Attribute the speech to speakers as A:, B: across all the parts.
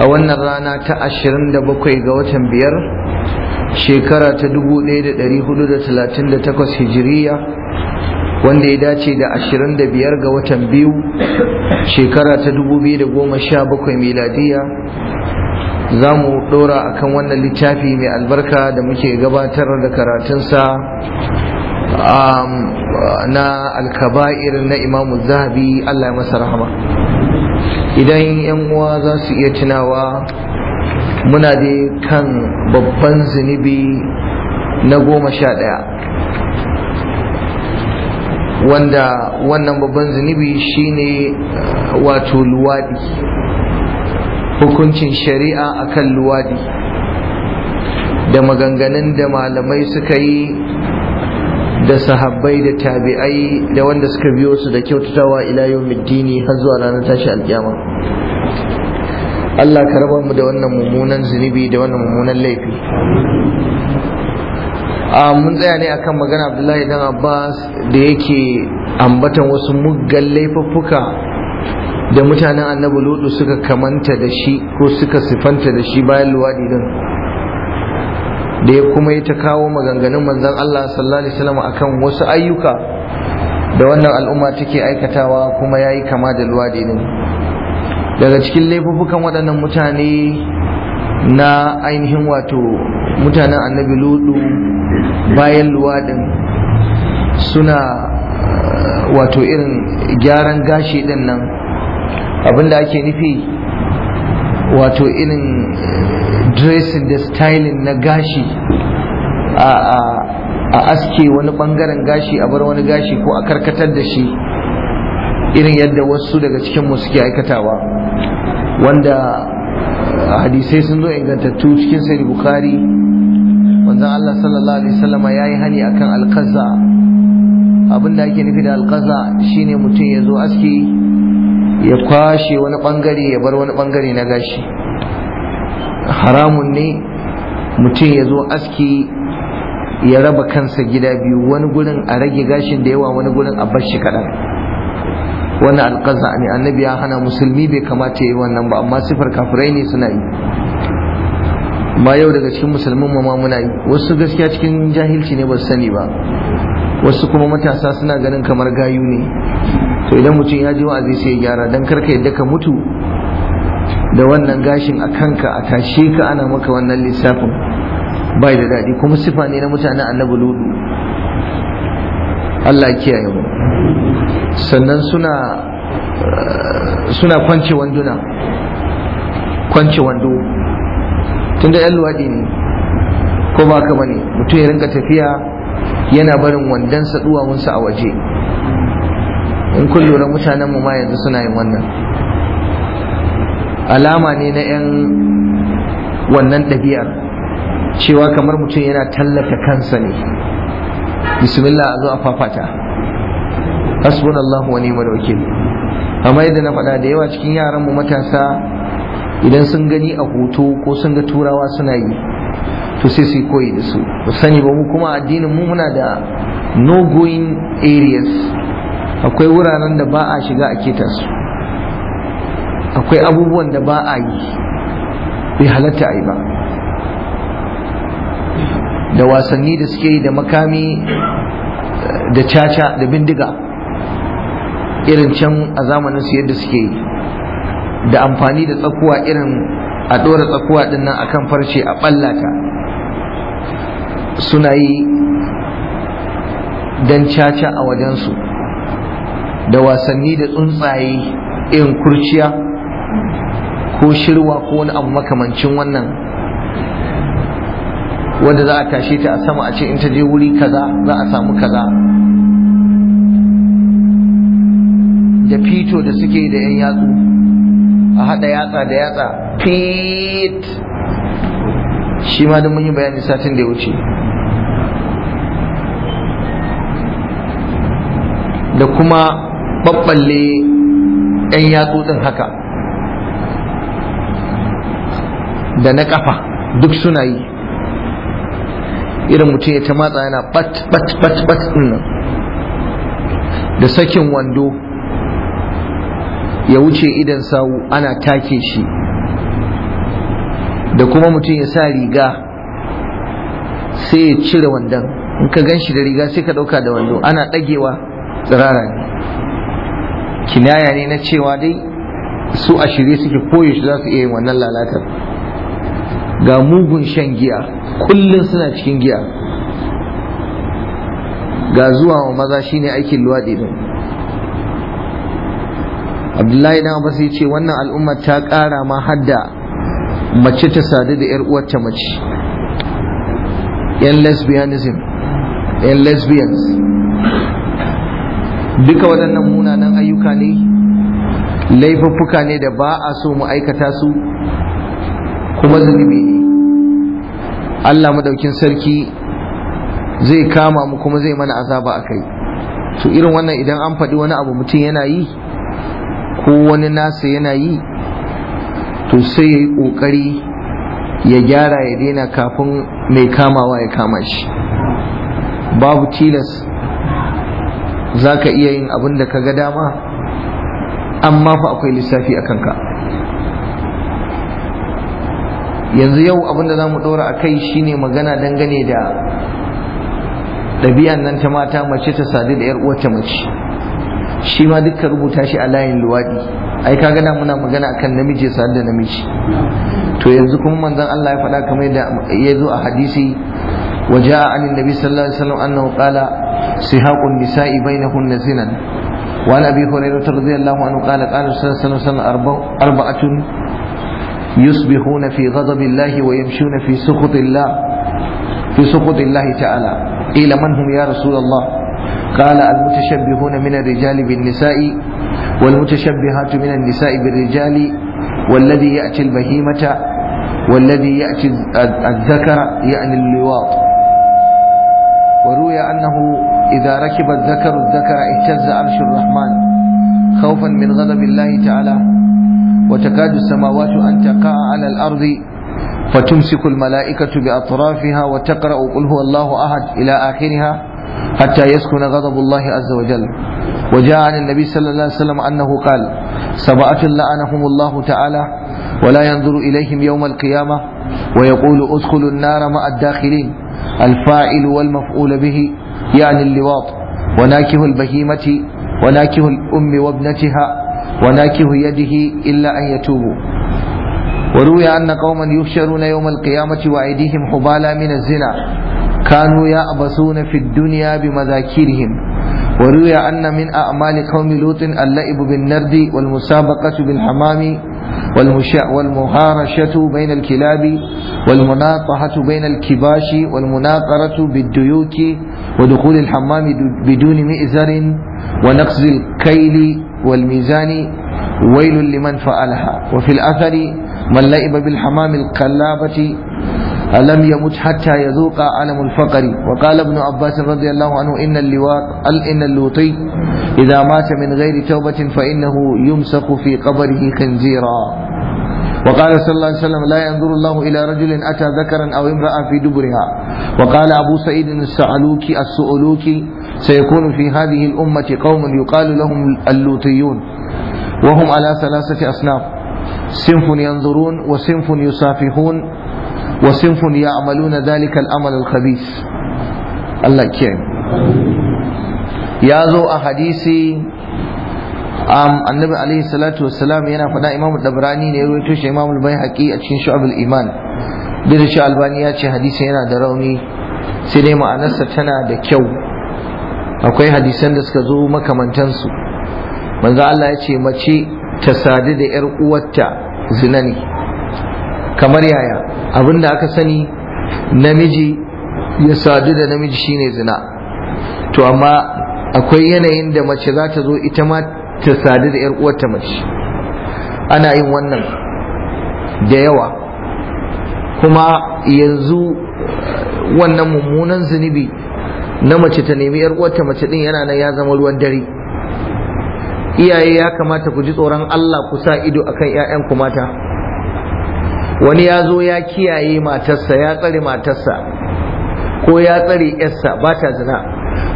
A: a wannan rana ta 27 ga watan biyar shekara ta 1438 hijiriya wanda ya dace da 25 ga watan biyu shekara ta 2017 miladiya za mu ɗora kan wannan littafi mai albarka da muke gabatar da karatunsa um, na alkaba'ir na imamu zahabi allah ya masa rahama idan yan uwa za su iya tunawa muna dai kan babban zunubi na goma sha ɗaya wanda wannan babban zunubi shine wato luwadi hukuncin shari'a akan luwadi da maganganun da malamai suka yi da sahabbai da tabi'ai da wanda suka biyo su da kyautatawa ila yau middini har zuwa ranar tashi alkiyama Allah ka raba mu da wannan mummunan zunubi da wannan mummunan laifi a mun tsaya ne akan magana Abdullahi dan Abbas da yake ambatan wasu muggan laifuffuka da mutanen annabi ludu suka kamanta da shi ko suka sifanta da shi bayan luwadi din da ya kuma yi ta kawo maganganun manzon Allah sallallahu alaihi wasallam akan wasu ayyuka da wannan al'umma take aikatawa kuma yayi kama da luwadi din daga cikin laifukan waɗannan mutane na ainihin wato mutanen annabi ludu bayan luwaɗin suna uh, wato irin gyaran gashi ɗin nan abinda ake nufi wato irin uh, dressing da styling na gashi a aske wani bangaren gashi a bar wani gashi ko a karkatar da shi irin yadda wasu daga cikin mu suke aikatawa wanda hadisai sun zo ingantattu cikin sai bukari, wanda Allah sallallahu alaihi wasallama yayi hani akan alqaza abinda ake nufi da alqaza shine mutum ya zo aski ya kwashe wani bangare ya bar wani bangare na gashi haramun ne mutum ya zo aski ya raba kansa gida biyu wani gurin a rage gashin da yawa wani gurin a bar shi kaɗan wannan alƙaza ne annabi ya hana musulmi bai kamata yi wannan ba amma sifar kafirai ne suna yi ma yau daga cikin musulmin ma muna yi wasu gaskiya cikin jahilci ne ba su sani ba wasu kuma matasa suna ganin kamar gayu ne to idan mutum ya ji wa'azi sai ya gyara dan karka yadda ka mutu da wannan gashin a kanka a tashe ka ana maka wannan lissafin bai da daɗi kuma sifa ne na mutanen annabi ludu Allah kiyaye mu sannan suna eh, suna kwance wanduna kwance wando tunda yan luwaɗi ne ko ba ka bane mutum ya rinka tafiya yana barin wandonsa duwawunsa a waje in kun lura mutanen ma yanzu suna yin wannan alama ne na 'yan wannan ɗabi'ar cewa kamar mutum yana tallata kansa ne bismillah a zo a fafata hasbunallahu wa ni'mal wakil amma yadda na faɗa da yawa cikin yaran mu matasa idan sun gani a hoto ko sun ga turawa suna yi to sai su koyi da su ba sani ba mu kuma addinin mu muna da no going areas akwai wuraren da ba a shiga a keta su akwai abubuwan da ba a yi bai halatta a yi ba da wasanni da suke yi da makami da caca da bindiga irin can a zamanin su yadda suke da amfani da tsakuwa irin a ɗora tsakuwa ɗin nan akan farce a ɓallata suna yi don caca a wajensu da wasanni da tsuntsaye irin kurciya ko shirwa ko wani abu makamancin wannan wanda za a tashe ta a sama a ce in ta je wuri kaza za a samu kaza da fito da suke da yan yatsu a haɗa yatsa da yatsa fit shi ma don mun yi bayani satin da ya wuce da kuma babballe yan yatsu ɗin haka da na kafa duk suna yi irin mutum ya ta matsa yana bat bat bat bat da sakin wando ya wuce idan sawu ana take shi da kuma mutum ya sa riga sai ya cire wandon in ka gan shi da riga sai ka ɗauka da wando ana ɗagewa
B: tsirara ne
A: kinaya ne na cewa dai su a shirye suke koyaushe za su iya yin wannan lalatar ga mugun shan giya kullum suna cikin giya ga zuwa wa maza shine aikin luwaɗi ne abdullahi na basu ce wannan al'umma ta kara ma hadda mace ta sadu da yar uwarta mace yan lesbianism yan lesbians duka waɗannan munanan ayyuka ne laifuffuka ne da ba a so mu aikata su kuma zunubi ne Allah madaukin sarki zai kama mu kuma zai mana azaba a kai to irin wannan idan an faɗi wani abu mutum yana yi ko wani nasa yana yi to sai ya yi ƙoƙari ya gyara ya daina kafin mai kamawa ya kama shi babu tilas za ka iya yin abin da ka ga dama amma fa akwai lissafi a kanka yanzu yau abin da za mu ɗora a kai shine magana dangane da ɗabi'an nan ta mata mace ta sadu da 'yar ta mace shi ma duka rubuta shi a layin luwaɗi ai ka nan muna magana akan namiji sanar da namiji to yanzu kuma manzon Allah ya faɗa kamar yadda ya zo a hadisi waja a anin nabi sallallahu alaihi wasallam annahu qala sihaqun nisa'i bainahunna zinan wa an abi hurairah radhiyallahu anhu qala qala sallallahu alaihi wasallam arba'atun yusbihuna fi ghadabi Allah wa yamshuna fi sukhati Allah fi sukhati Allah ta'ala ila man ya rasulullah Allah قال المتشبهون من الرجال بالنساء والمتشبهات من النساء بالرجال والذي يأتي البهيمة والذي يأتي الذكر يعني اللواط وروي أنه إذا ركب الذكر الذكر اهتز عرش الرحمن خوفا من غضب الله تعالى وتكاد السماوات أن تقع على الأرض فتمسك الملائكة بأطرافها وتقرأ قل هو الله أحد إلى آخرها حتى يسكن غضب الله عز وجل وجاء عن النبي صلى الله عليه وسلم أنه قال سبعة لعنهم الله تعالى ولا ينظر إليهم يوم القيامة ويقول ادخلوا النار مع الداخلين الفاعل والمفعول به يعني اللواط وناكه البهيمة وناكه الأم وابنتها وناكه يده إلا أن يتوبوا وروي أن قوما يحشرون يوم القيامة وأيديهم حبالا من الزنا كانوا يأبسون في الدنيا بمذاكيرهم وروي أن من أعمال قوم لوط اللعب بالنرد والمسابقة بالحمام والمهارشة بين الكلاب والمناطحة بين الكباش والمناقرة بالديوك ودخول الحمام بدون مئزر ونقص الكيل والميزان ويل لمن فعلها وفي الأثر من لعب بالحمام القلابة ألم يمت حتى يذوق عالم الفقر وقال ابن عباس رضي الله عنه إن اللواط إن اللوطي إذا مات من غير توبة فإنه يمسخ في قبره خنزيرا وقال صلى الله عليه وسلم لا ينظر الله إلى رجل أتى ذكرا أو امرأة في دبرها وقال أبو سعيد السعلوكي السؤلوكي سيكون في هذه الأمة قوم يقال لهم اللوطيون وهم على ثلاثة أصناف صنف ينظرون وصنف يصافحون wa sinfun ya'maluna dhalika al-amal al-khabith Allah kiyaye ya zo a hadisi annabi alaihi salatu wassalam yana faɗa Imam dabrani ne ya rawaito shi imamu baihaqi a cikin shu'abul iman bin shi albani ya ce hadisi yana da rauni sai dai ma'anarsa tana da kyau akwai hadisan da suka zo makamantansu manzo Allah ya mace ta sadu da yar uwarta zinani. kamar yaya abinda aka sani namiji ya sadu da namiji shine zina to amma akwai yanayin da mace za ta zo ita ma ta sadu da yar uwarta mace ana yin wannan da yawa kuma yanzu wannan mummunan zunubi na mace ta nemi yar uwarta mace din yana nan ya zama ruwan dare iyaye ya kamata ku ji tsoron Allah ku sa ido akan 'ya'yanku mata wani ya zo ya kiyaye matarsa ya tsare matarsa ko ya tsare yarsa ba ta zina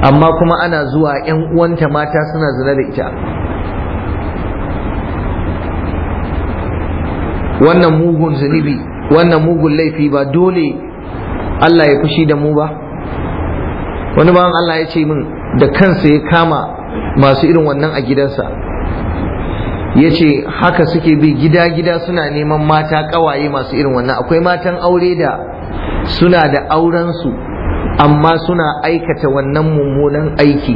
A: amma kuma ana zuwa 'yan uwanta mata suna zina da ita wannan mugun zunubi wannan mugun laifi ba dole Allah ya fushi da mu ba wani bawan Allah ya ce min da kansa ya kama masu irin wannan a gidansa ya ce haka suke bi gida-gida suna neman mata kawaye masu irin wannan akwai matan aure da suna da aurensu amma suna aikata wannan mummunan aiki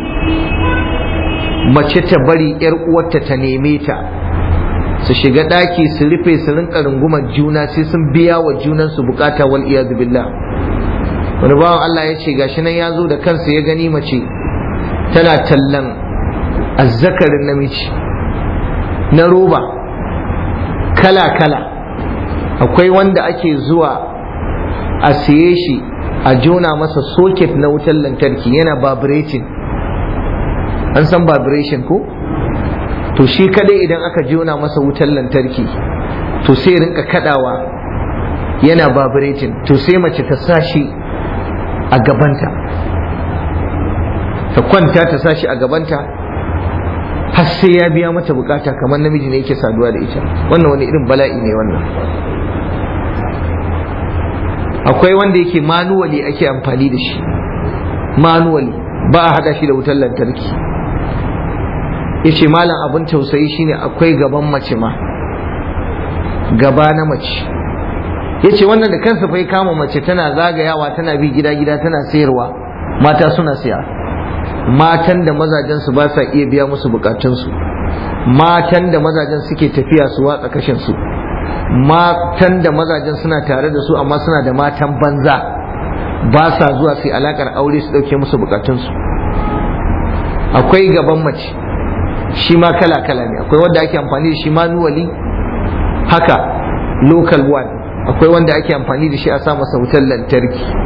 A: mace ta bari 'yar uwarta ta neme ta su shiga ɗaki su rufe su rinka rungumar juna sai sun biya wa junan su bukata wal iyadu billah wani bawan Allah ya ce gashi nan ya zo da kansa ya gani mace tana tallan azzakarin namiji na roba kala-kala akwai wanda ake zuwa a siye shi a jona masa socket na wutar lantarki yana vibrating an san vibration ko to shi kadai idan aka jona masa wutar lantarki to sai rinka kadawa yana vibrating to sai mace ta sa shi a gabanta ta kwanta ta sa shi a gabanta har sai ya biya mata bukata kamar namiji ne yake saduwa da ita wannan wani irin bala'i ne wannan akwai wanda yake manuwali ake amfani da shi manuwali ba a haɗa shi da wutar lantarki ya ce malam abin tausayi shine akwai gaban mace ma gaba na mace ya ce wannan da kansa fai kama mace tana zagayawa tana bi gida gida tana sayarwa mata suna siya matan da mazajen su ba sa iya biya musu bukatun matan da mazajen suke tafiya su watsa kashin su matan da mazajen suna tare da su amma suna da matan banza ba sa zuwa su alakar aure su dauke musu bukatun su
B: akwai gaban
A: mace shi ma kala kala ne akwai wanda ake amfani da shi manuwali haka local one akwai wanda ake amfani da shi a sa masa wutar lantarki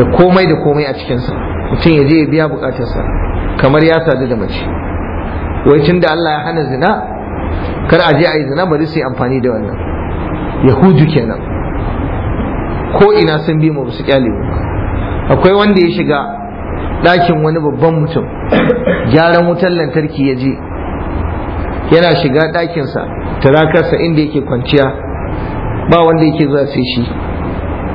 A: da komai da komai a cikinsa mutum ya je ya biya bukatarsa kamar ya sadu da mace wai tun da Allah ya hana zina kar a je a yi zina bari su yi amfani da wannan yahudu kenan ko ina sun bi mu su kyale mu akwai wanda ya shiga ɗakin wani babban mutum gyaran wutar lantarki ya je yana shiga ɗakinsa turakarsa inda yake kwanciya ba wanda yake zuwa sai shi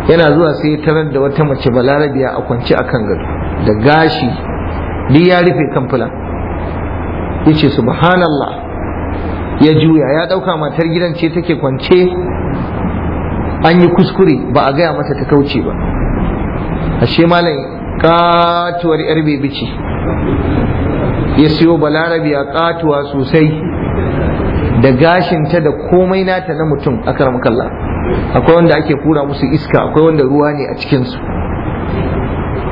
A: yana zuwa sai ya tarar da wata mace balarabiya a kwance a kan gado da gashi duk ya rufe kan fulan ya ce subhanallah ya juya ya ɗauka matar gidan ce take kwance an yi kuskure ba a gaya mata ta kauce ba ashe malam katuwar yar bebi ya siyo balarabiya katuwa sosai da gashinta da komai nata na mutum a karamakalla akwai wanda ake kura musu iska akwai wanda ruwa ne a cikinsu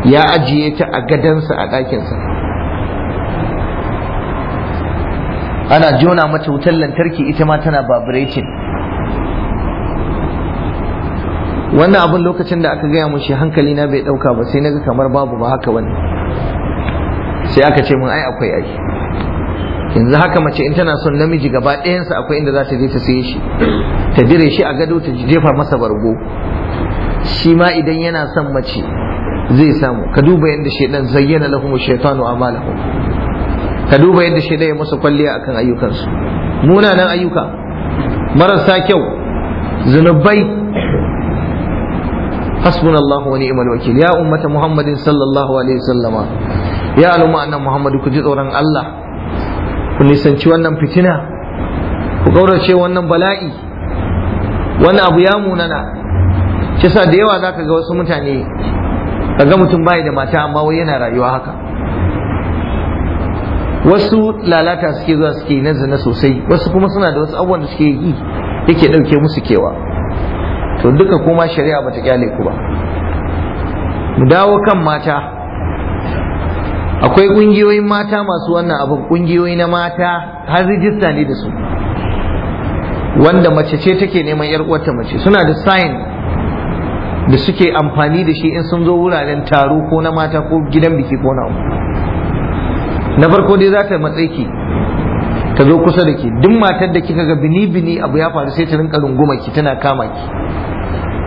A: ya ajiye ta a gadansa a ɗakinsa ana jona mata wutar lantarki ita ma tana vibrating wannan abin lokacin da aka gaya mushi hankali na bai ɗauka ba sai naga kamar babu ba haka wani sai aka ce mun ai akwai ai yanzu haka mace in tana son namiji gaba ɗayansa akwai inda za ta je ta saye shi ta dire shi a gado ta jefa masa bargo shi ma idan yana son mace zai samu ka duba yadda shaidan zayyana lahum shaitanu amalahum ka duba yadda shaidan ya masa kwalliya akan ayyukansu munanan ayyuka marasa kyau zunubai hasbunallahu wa ni'mal wakil ya ummata muhammadin sallallahu alaihi wasallama ya al'umma annan muhammadu ku ji tsoron Allah ku nisanci wannan fitina ku gaurace wannan bala'i wannan abu ya munana shi sa da yawa za ka ga wasu mutane ga mutum bayi da mata amma wai yana rayuwa haka wasu lalata suke zuwa suke na zina sosai wasu kuma suna da wasu abubuwan da suke yi yake ɗauke musu kewa to duka kuma shari'a bata kyale ku ba mu dawo kan mata akwai ƙungiyoyin mata masu wannan abin ƙungiyoyi na mata har rijista ne da su wanda mace ce take neman yar uwarta mace suna da sign da suke amfani da shi in sun zo wuraren taro ko na mata ko gidan biki ko na na farko dai za ta matsayi ki ta zo kusa da ki duk matar da kika ga bini bini abu ya faru sai ta rinka runguma ki tana kama ki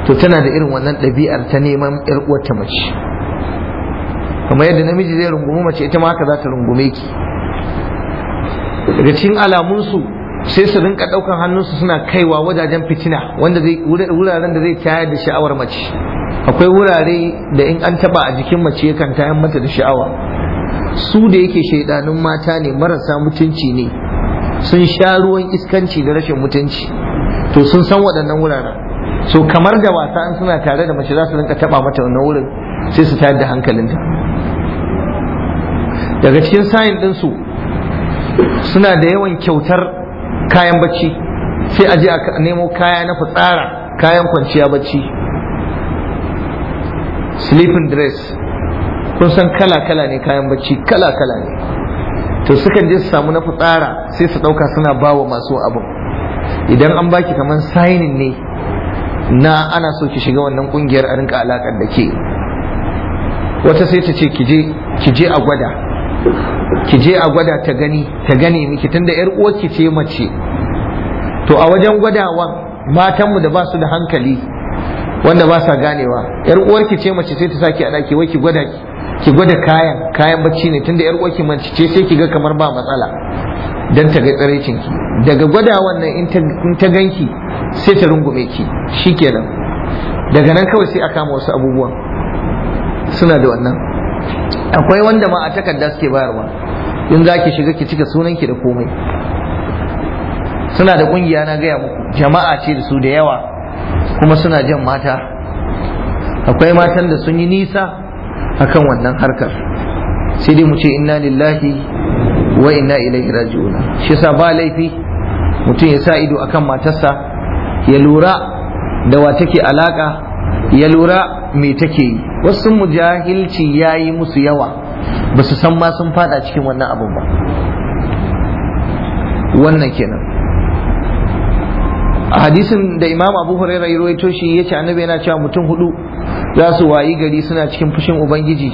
A: to tana da irin wannan ɗabi'ar ta neman yar uwarta mace kamar yadda namiji zai rungumi mace ita ma haka za ta rungume ki daga cikin alamunsu sai su rinka ɗaukan hannunsu suna kaiwa wajajen fitina wanda zai wuraren da zai tayar da sha'awar mace akwai wurare da in an taba a jikin mace yakan tayar mata da sha'awa su da yake shaidanun mata ne marasa mutunci ne sun sha ruwan iskanci da rashin mutunci to sun san waɗannan wuraren so kamar da wasa suna tare da mace za su rinka taba mata wannan wurin sai su tayar da hankalinta daga cikin sayin ɗinsu suna da yawan kyautar kayan bacci sai a je a nemo kaya na fitsara kayan kwanciya bacci sleeping dress kun san kala-kala ne kayan bacci kala-kala ne to sukan je su samu na fitsara sai su ɗauka suna bawa masu abin idan an baki kamar sainin ne na ana so ki shiga wannan kungiyar a rinka alakar da ke wata sai ta ce ki je a gwada ki je a gwada ta gani ta gane miki tunda yar uwarki ce mace to a wajen gwadawan matanmu da ba su da hankali wanda ba sa ganewa yar uwarki ce mace sai ta saki a daki wai ki gwada ki gwada kayan kayan bacci ne tunda yar uwarki mace ce sai ki ga kamar ba matsala dan ta ga tsarecin ki daga gwadawan nan in ta ganki sai ta rungume ki shikenan daga nan kawai sai a kama wasu abubuwan suna da wannan akwai wanda ma a takarda suke bayarwa in za ki shiga ki cika sunan ki da komai suna da kungiya na gaya muku jama'a ce da su da yawa kuma suna jan mata
B: akwai matan
A: da sun yi nisa akan wannan harkar sai dai mu ce inna lillahi wa inna ilaihi raji'un shi yasa ba laifi mutum ya sa ido akan matarsa ya lura da wa take alaka ya lura me take yi wasu mujahilci ya yi musu yawa ba su san ma sun fada cikin wannan abun ba wannan kenan a hadisin da imam abu huraira ya rawaito shi ya ce annabi yana cewa mutum hudu za su wayi gari suna cikin fushin ubangiji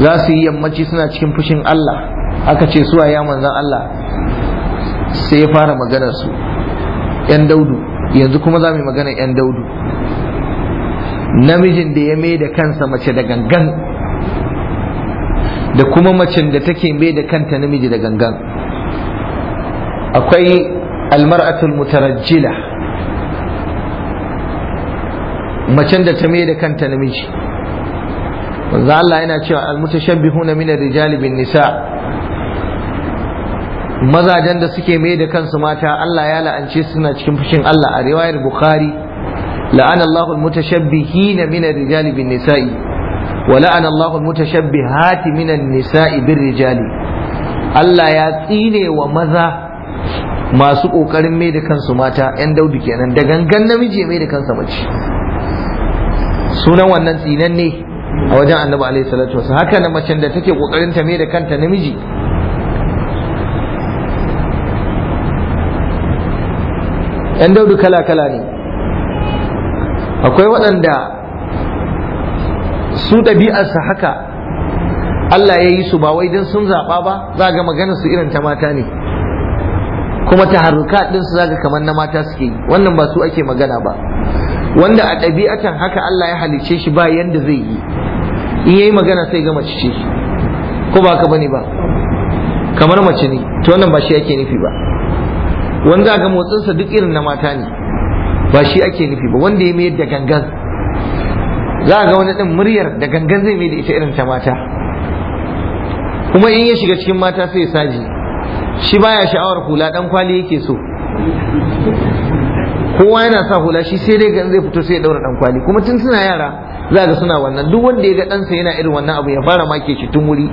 A: za su yi yammaci suna cikin fushin allah aka ce suwa ya manzan allah sai ya fara maganar su yan daudu yanzu kuma za mu yi maganar yan daudu namijin da ya mai da kansa mace da gangan da kuma macen da take mai da kanta namiji da gangan akwai almar'atul mutarajjila macen da ta mai da kanta namiji wanzu Allah yana cewa almutashabbihuna min rijali bin nisa mazajen da suke mai da kansu mata Allah ya la'ance suna cikin fushin Allah a riwayar Bukhari la'ana Allahu al-mutashabbihina min ar-rijali bin nisa'i wa la'ana Allahu al-mutashabbihati min nisai bir rijali Allah ya tsine wa maza masu kokarin mai kansu mata yan daudu kenan da gangan namiji mai kansa mace sunan wannan tsinan ne a wajen annabi alaihi salatu wasu haka na macen da take kokarin kanta namiji yan daudu kala-kala ne akwai waɗanda su ɗabi'arsa haka Allah ya yi su ba wai don sun zaɓa ba za ga magana su irin ta mata ne kuma taharruka ɗinsu za ga kamar na mata suke yi wannan ba su ake magana ba wanda a ɗabi'atan haka Allah ya halicce shi ba yanda zai yi in yayi magana sai ga mace ce ko ba ka bane ba kamar mace ne to wannan ba shi yake nufi ba wanda ga motsinsa duk irin na mata ne ba shi ake nufi ba wanda ya mayar da gangan za a ga wani ɗin muryar da gangan zai mayar da ita irin ta mata kuma in ya shiga cikin mata sai saji shi baya sha'awar hula ɗan kwali yake so kowa yana sa hula shi sai dai zai fito sai ya daura dan kwali kuma tun suna yara za ga suna wannan duk wanda ya ga ɗansa yana irin wannan abu ya fara make shi tun wuri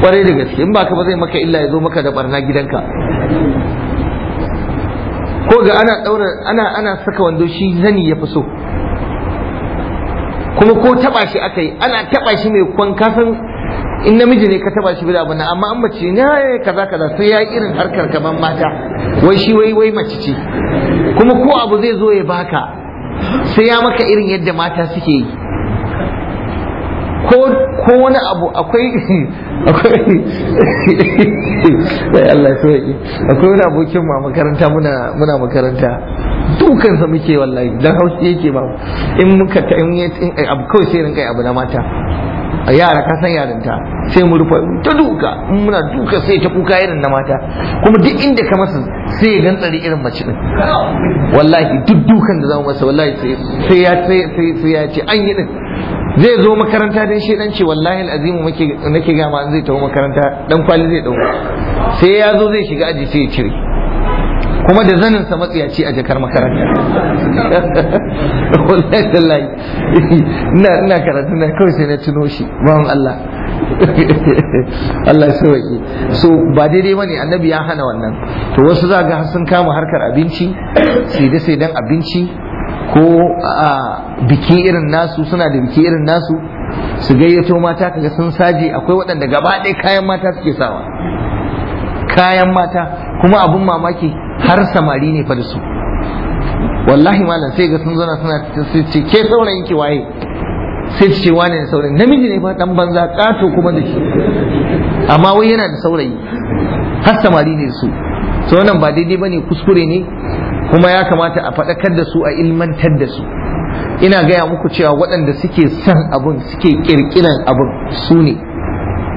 A: kwarai da gaske in baka ba zai maka illa ya zo maka da barna gidanka ga ana daura ana ana saka wando shi zani ya fi so kuma ko taba shi aka yi ana taba shi mai kwan kasan in namiji ne ka taba shi bida bana amma an mace ne kaza kaza sai ya irin harkar kaman mata wai shi wai wai mace ce kuma ko abu zai zo ya baka sai ya maka irin yadda mata suke yi ko wani abu akwai akwai sai Allah sauki akwai wani abokin ma makaranta muna muna makaranta dukan sa muke wallahi dan haushi yake ba in muka ta in abu kawai sai rinka abu na mata a yara ka san yarinta sai mu rufa ta duka in muna duka sai ta kuka irin na mata kuma duk inda ka masa sai ya gantsari irin mace din wallahi duk dukan da zamu masa wallahi sai ya sai ya ce an yi din zai zo makaranta dan ɗanci, wallahi alazimu na nake ga ma zai tawo makaranta dan kwali zai dauko sai ya zo zai shiga aji sai ya cire kuma da zanin sa matsiyaci a jakar makaranta wallahi tallahi ina ina karatu na kawai sai na tuno shi bawan Allah Allah sauki so ba daidai bane annabi ya hana wannan to wasu za ga sun kama harkar abinci sai da sai dan abinci ko a biki irin nasu suna da biki irin nasu su gayyato mata kaga sun saji akwai waɗanda gaba ɗaya kayan mata suke sawa kayan mata kuma abun mamaki har samari ne fa da su wallahi malam sai ga sun zana suna ce ke saurayin ki waye sai ce wane ne saurayin namiji ne fa dan banza kato kuma da shi amma wai yana da saurayi har samari ne su so nan ba daidai bane kuskure ne kuma ya kamata a faɗakar da su a ilmantar da su ina gaya muku cewa waɗanda suke son abun suke ƙirƙiran abun su ne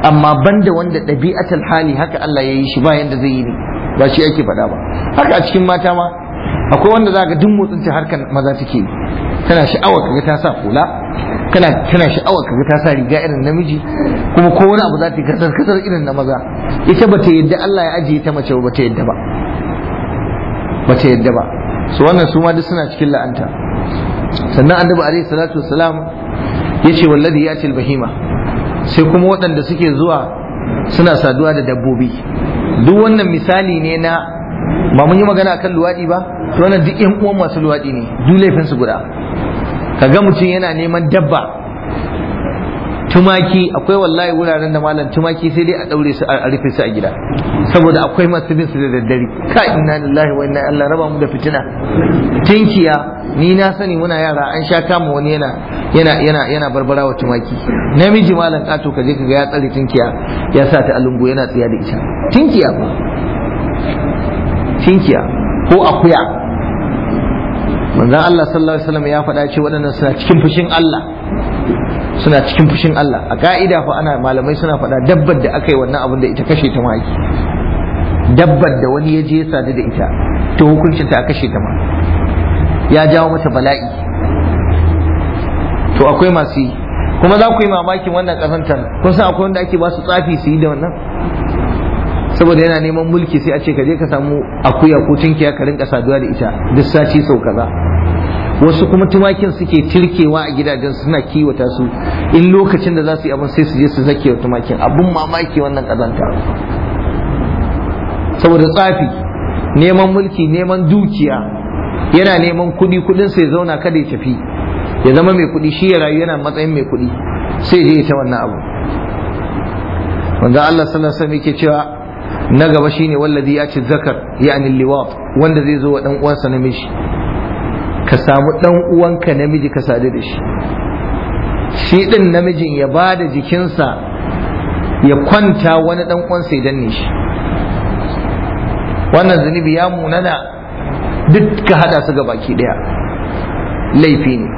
A: amma banda wanda ɗabi'atul hali haka Allah ya yi shi ba yanda zai yi ne ba shi ake faɗa ba haka a cikin mata ma akwai wanda za ka duk motsin ta harkar maza take tana sha'awar kaga ta sa kula kana tana sha'awar kaga ta sa riga irin namiji kuma ko wani abu za ta kasar kasar irin na maza ita ba ta yadda Allah ya ajiye ta mace ba ta yadda ba bata yadda ba su wannan su ma duk suna cikin la'anta sannan annabi alaihi salatu wassalam yace wallazi ya til bahima sai kuma waɗanda suke zuwa suna saduwa da dabbobi duk wannan misali ne na ba mun yi magana akan luwaɗi ba to wannan duk yan uwan masu luwaɗi ne duk laifin su guda kaga mutum yana neman dabba tumaki akwai wallahi wuraren da malam tumaki sai dai a daure su a rufe su a gida saboda akwai masu bin su da daddare ka inna lillahi wa inna Allah raba mu da fitina tinkiya ni na sani muna yara an sha kama wani yana yana yana yana barbara wa tumaki namiji malam kato kaje kaga ya tsare tinkiya ya sa ta alungu yana tsiya da ita tinkiya ba tinkiya ko akuya manzon Allah sallallahu alaihi wasallam ya faɗa ce waɗannan suna cikin fushin Allah suna cikin fushin Allah a ka'ida fa ana malamai suna faɗa dabbar da aka yi wannan abin da ita kashe ta ma dabbar da wani ya je ya sadu da ita to hukuncin ta kashe ta ma ya jawo mata bala'i to akwai masu yi kuma za ku yi mamakin wannan kasantar kun san akwai wanda ake ba su tsafi su yi da wannan saboda yana neman mulki sai a ce ka je ka samu akuya ko tinkiya ka rinka saduwa da ita duk sati sau kaza wasu kuma tumakin suke tirkewa a gidajen suna kiwata su in lokacin da za su yi abin sai su je su zake wa tumakin abin mamaki wannan kazanta saboda tsafi neman mulki neman dukiya yana neman kuɗi kudin sai zauna kada ya tafi ya zama mai kuɗi shi ya rayu yana matsayin mai kuɗi sai je ta wannan abu wanda Allah sallallahu alaihi wasallam yake cewa na gaba shine wallazi ya ci zakar ya'ni liwat wanda zai zo wa dan uwansa namiji ka samu ɗan uwanka namiji ka sadu da shi shi ɗin namijin ya ba da jikinsa ya kwanta wani ɗan uwansa ya danne shi wannan zunubi ya munana duk ka hada su ga baki ɗaya laifi ne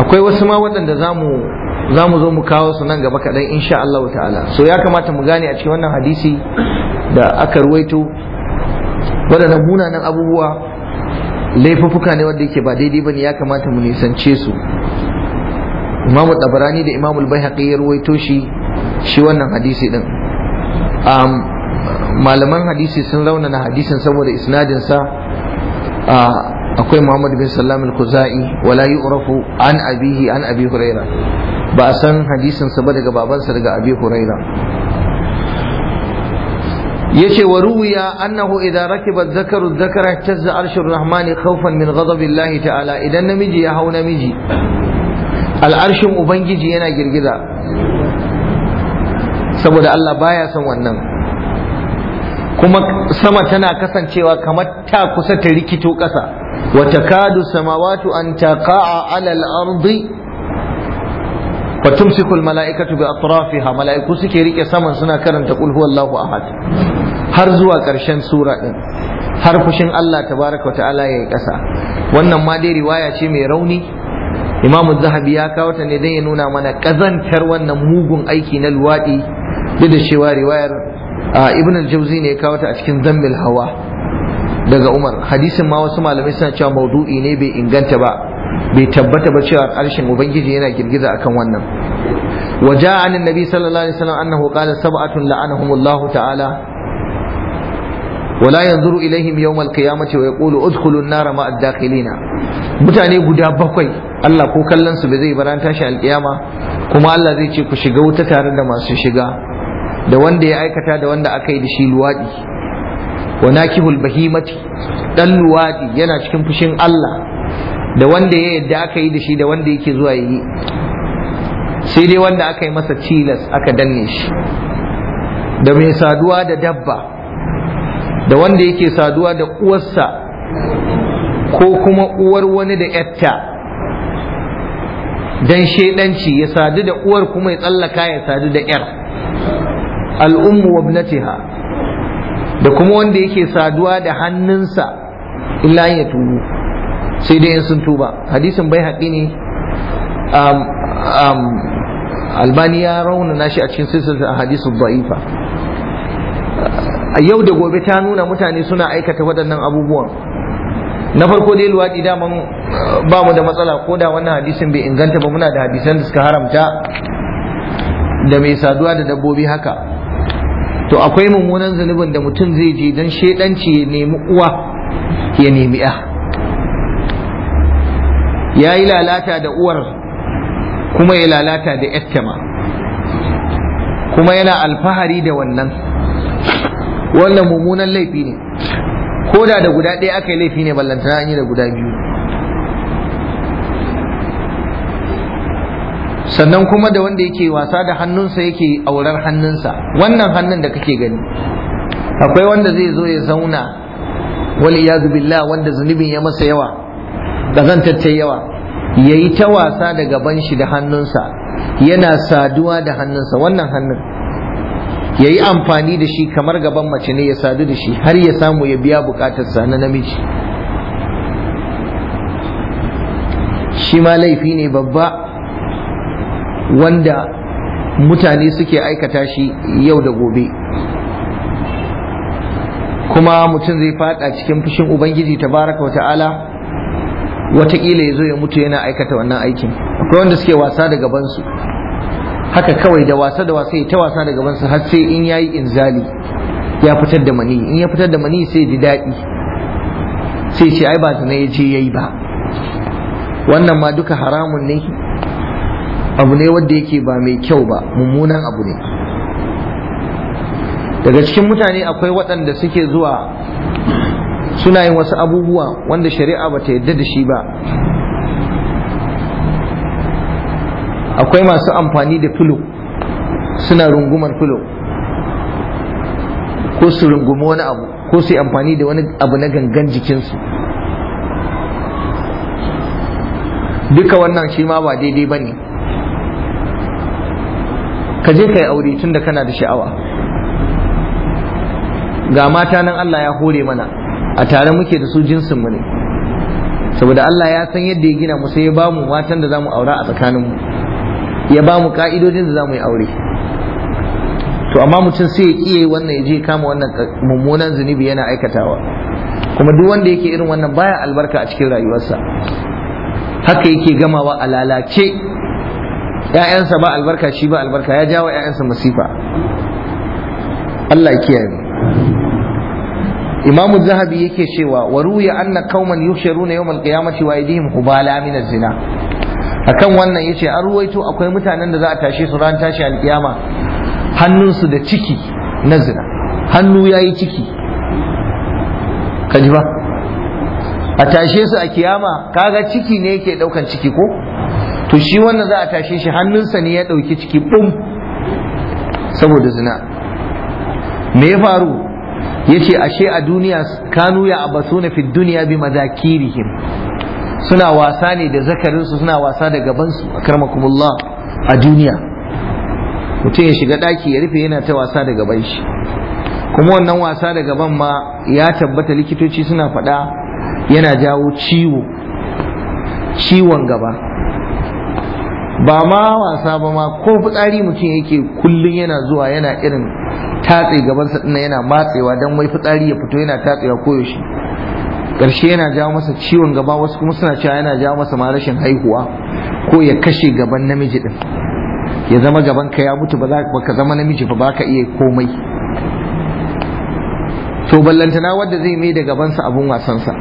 A: akwai wasu ma waɗanda za mu zo mu kawo su nan gaba kaɗai, insha Allah ta'ala so ya kamata mu gane a cikin wannan hadisi da aka ruwaito waɗannan munanan abubuwa laifuffuka ne wanda yake ba daidai bane ya kamata mu nisance su imamu tabarani da imamu bayhaqi ya ruwaito shi shi wannan hadisi din malaman hadisi sun na hadisin saboda isnadin sa akwai Muhammad bin Sallam al kuza'i wala yu'rafu an abihi an abi Huraira ba a san hadisin sa ba daga babansa daga abi Huraira yace wa ruwiya annahu idza rakiba dhakaru dhakara tazza arshur rahmani khawfan min ghadabillahi ta'ala idan namiji ya hau namiji al'arshin ubangiji yana girgiza saboda Allah baya son wannan kuma sama tana kasancewa kamar ta kusa ta rikito ƙasa wa takadu samawatu an taqa'a 'ala al-ardi fa al-mala'ikatu bi atrafiha mala'iku suke rike saman suna karanta qul huwallahu ahad har zuwa ƙarshen sura ɗin har fushin Allah tabaraka wa ta'ala ya yi ƙasa wannan ma dai riwaya ce mai rauni imamu zahabi ya kawo ta ne don ya nuna mana ƙazantar wannan mugun aiki na luwaɗi duk da cewa riwayar ibn al-jauzi ne ya kawo ta a cikin zambil hawa daga umar hadisin ma wasu malamai suna cewa maudu'i ne bai inganta ba bai tabbata ba cewa harshen ubangiji yana girgiza akan wannan وجاء عن النبي صلى الله عليه وسلم أنه قال سبعة لعنهم الله تعالى wala yanzuru ilaihim yawmal qiyamati wa yaqulu udkhulun nara ma'ad dakhilina mutane guda bakwai Allah ko kallon su bai zai baran tashi alkiyama kuma Allah zai ce ku shiga wuta tare da masu shiga da wanda ya aikata da wanda aka yi da shi luwadi wa nakihul bahimati dan luwadi yana cikin fushin Allah da wanda ya yadda aka yi da shi da wanda yake zuwa yi sai dai wanda aka yi masa tilas aka danne shi da mai saduwa da dabba da wanda yake saduwa da uwarsa ko kuma uwar wani da yatta dan shaidanci ya sadu da uwar kuma ya tsallaka ya sadu da yar al'ummu wa ibnatiha da kuma wanda yake saduwa da hannunsa illa ya tubu sai dai in sun tuba hadisin bai haƙi ne um, um, albani ya rauna nashi a cikin silsilar hadisin da'ifa a yau da gobe ta nuna mutane suna aikata waɗannan abubuwan na farko dai luwaɗi daman eh, ba mu da matsala ko da wannan hadisin bai inganta ba muna da hadisan da suka haramta da mai saduwa da dabbobi haka to akwai mummunan zunubin da mutum zai je don shaidanci ya nemi uwa ya nemi ya ya yi lalata da uwar kuma ya lalata da yattama kuma yana alfahari da wannan wannan mummunan laifi ne ko da da guda ɗaya aka yi laifi ne ballantana an yi da guda biyu sannan kuma da wanda yake wasa da hannunsa yake aurar hannunsa wannan hannun da kake gani akwai wanda zai zo ya zauna waliyazu billah wanda zunubin ya masa yawa ƙazantar ta yawa ya yi ta wasa da gaban shi da hannunsa yana saduwa da hannunsa wannan hannun ya yi amfani da shi kamar gaban mace ne ya sadu da shi har ya samu ya biya bukatarsa na namiji shi ma laifi ne babba wanda mutane suke aikata shi yau da gobe kuma mutum zai fada cikin fushin ubangiji tabaraka wa ta'ala watakila ya zo ya mutu yana aikata wannan aikin akwai wanda suke wasa da gabansu haka kawai da wasa da wasa ta wasa da gabansa har sai in yayi inzali ya fitar da mani in ya fitar da mani sai ji daɗi sai ce ai ba zina ya je yayi ba wannan ma duka haramun ne abu ne wanda yake ba mai kyau ba mummunan abu ne daga cikin mutane akwai waɗanda suke zuwa suna yin wasu abubuwa wanda shari'a ba ta yadda da shi ba akwai masu amfani da filo suna rungumar filo ko su rungumi wani abu ko su amfani da wani abu na gangan jikinsu duka wannan shi ma ba daidai ba ne ka je ka yi aure tun da kana da sha'awa ga mata nan Allah ya hore mana a tare muke da su jinsinmu ne saboda Allah ya san yadda ya gina mu sai ya mu matan da za mu aura a tsakaninmu ya ba mu ka'idodin da za mu yi aure to amma mutum sai ya kiye wannan ya je kama wannan mummunan zunubi yana aikatawa kuma duk wanda yake irin wannan baya albarka a cikin rayuwarsa haka yake gamawa a lalace ‘ya'yansa ba albarka shi ba albarka ya jawo ‘ya'yansa masifa Allah kiyaye imamu zahabi yake cewa wa ruya anna qauman yuhsharuna yawm al-qiyamati wa aydihim hubala min az-zina akan wannan yace an ruwaito akwai mutanen da za a tashe su ran tashi alkiyama hannunsu da ciki na zina hannu yayi ciki kaji ba a tashe su a kiyama kaga ciki ne yake daukan ciki ko to shi wannan za a tashe shi hannunsa ne ya dauki ciki bum saboda zina me ya faru yace ashe a duniya kanu ya abasuna fi duniya bi madakirihim suna wasa ne da zakarinsu suna wasa da gabansu a karmakumullah a duniya mutum ya shiga ɗaki ya rufe yana ta wasa da gaban shi kuma wannan wasa da gaban ma ya tabbata likitoci suna faɗa yana jawo ciwo ciwon gaba ba ma wasa ba ma ko fitsari mutum yake kullum yana zuwa yana irin tatse gabansa ɗin yana matsewa don wai fitsari ya fito yana tatsewa koyaushe ƙarshe yana jawo masa ciwon gaba wasu kuma suna cewa yana jawo masa ma rashin haihuwa ko ya kashe gaban namiji din ya zama gaban ka ya mutu ba ka zama namiji ba baka iya komai to ballantana wadda zai mai da gabansa abun wasansa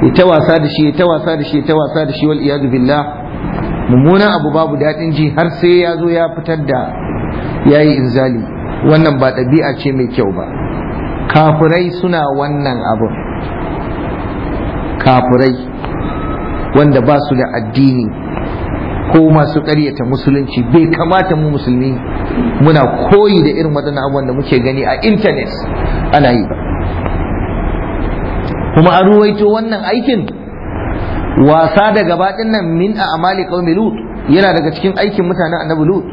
A: ya ta wasa da shi ya ta wasa da shi ya ta wasa da shi wal iyadu billah mummunan abu babu daɗin ji har sai ya zo ya fitar da yayi inzali wannan ba ɗabi'a ce mai kyau ba kafirai suna wannan abu kafirai wanda ba su da addini ko masu ƙaryata musulunci bai kamata mu musulmi muna koyi da irin waɗannan abubuwan da muke gani a intanet ana yi ba kuma an ruwaito wannan aikin wasa da gaba nan min a amali lut yana daga cikin aikin mutanen annabi lut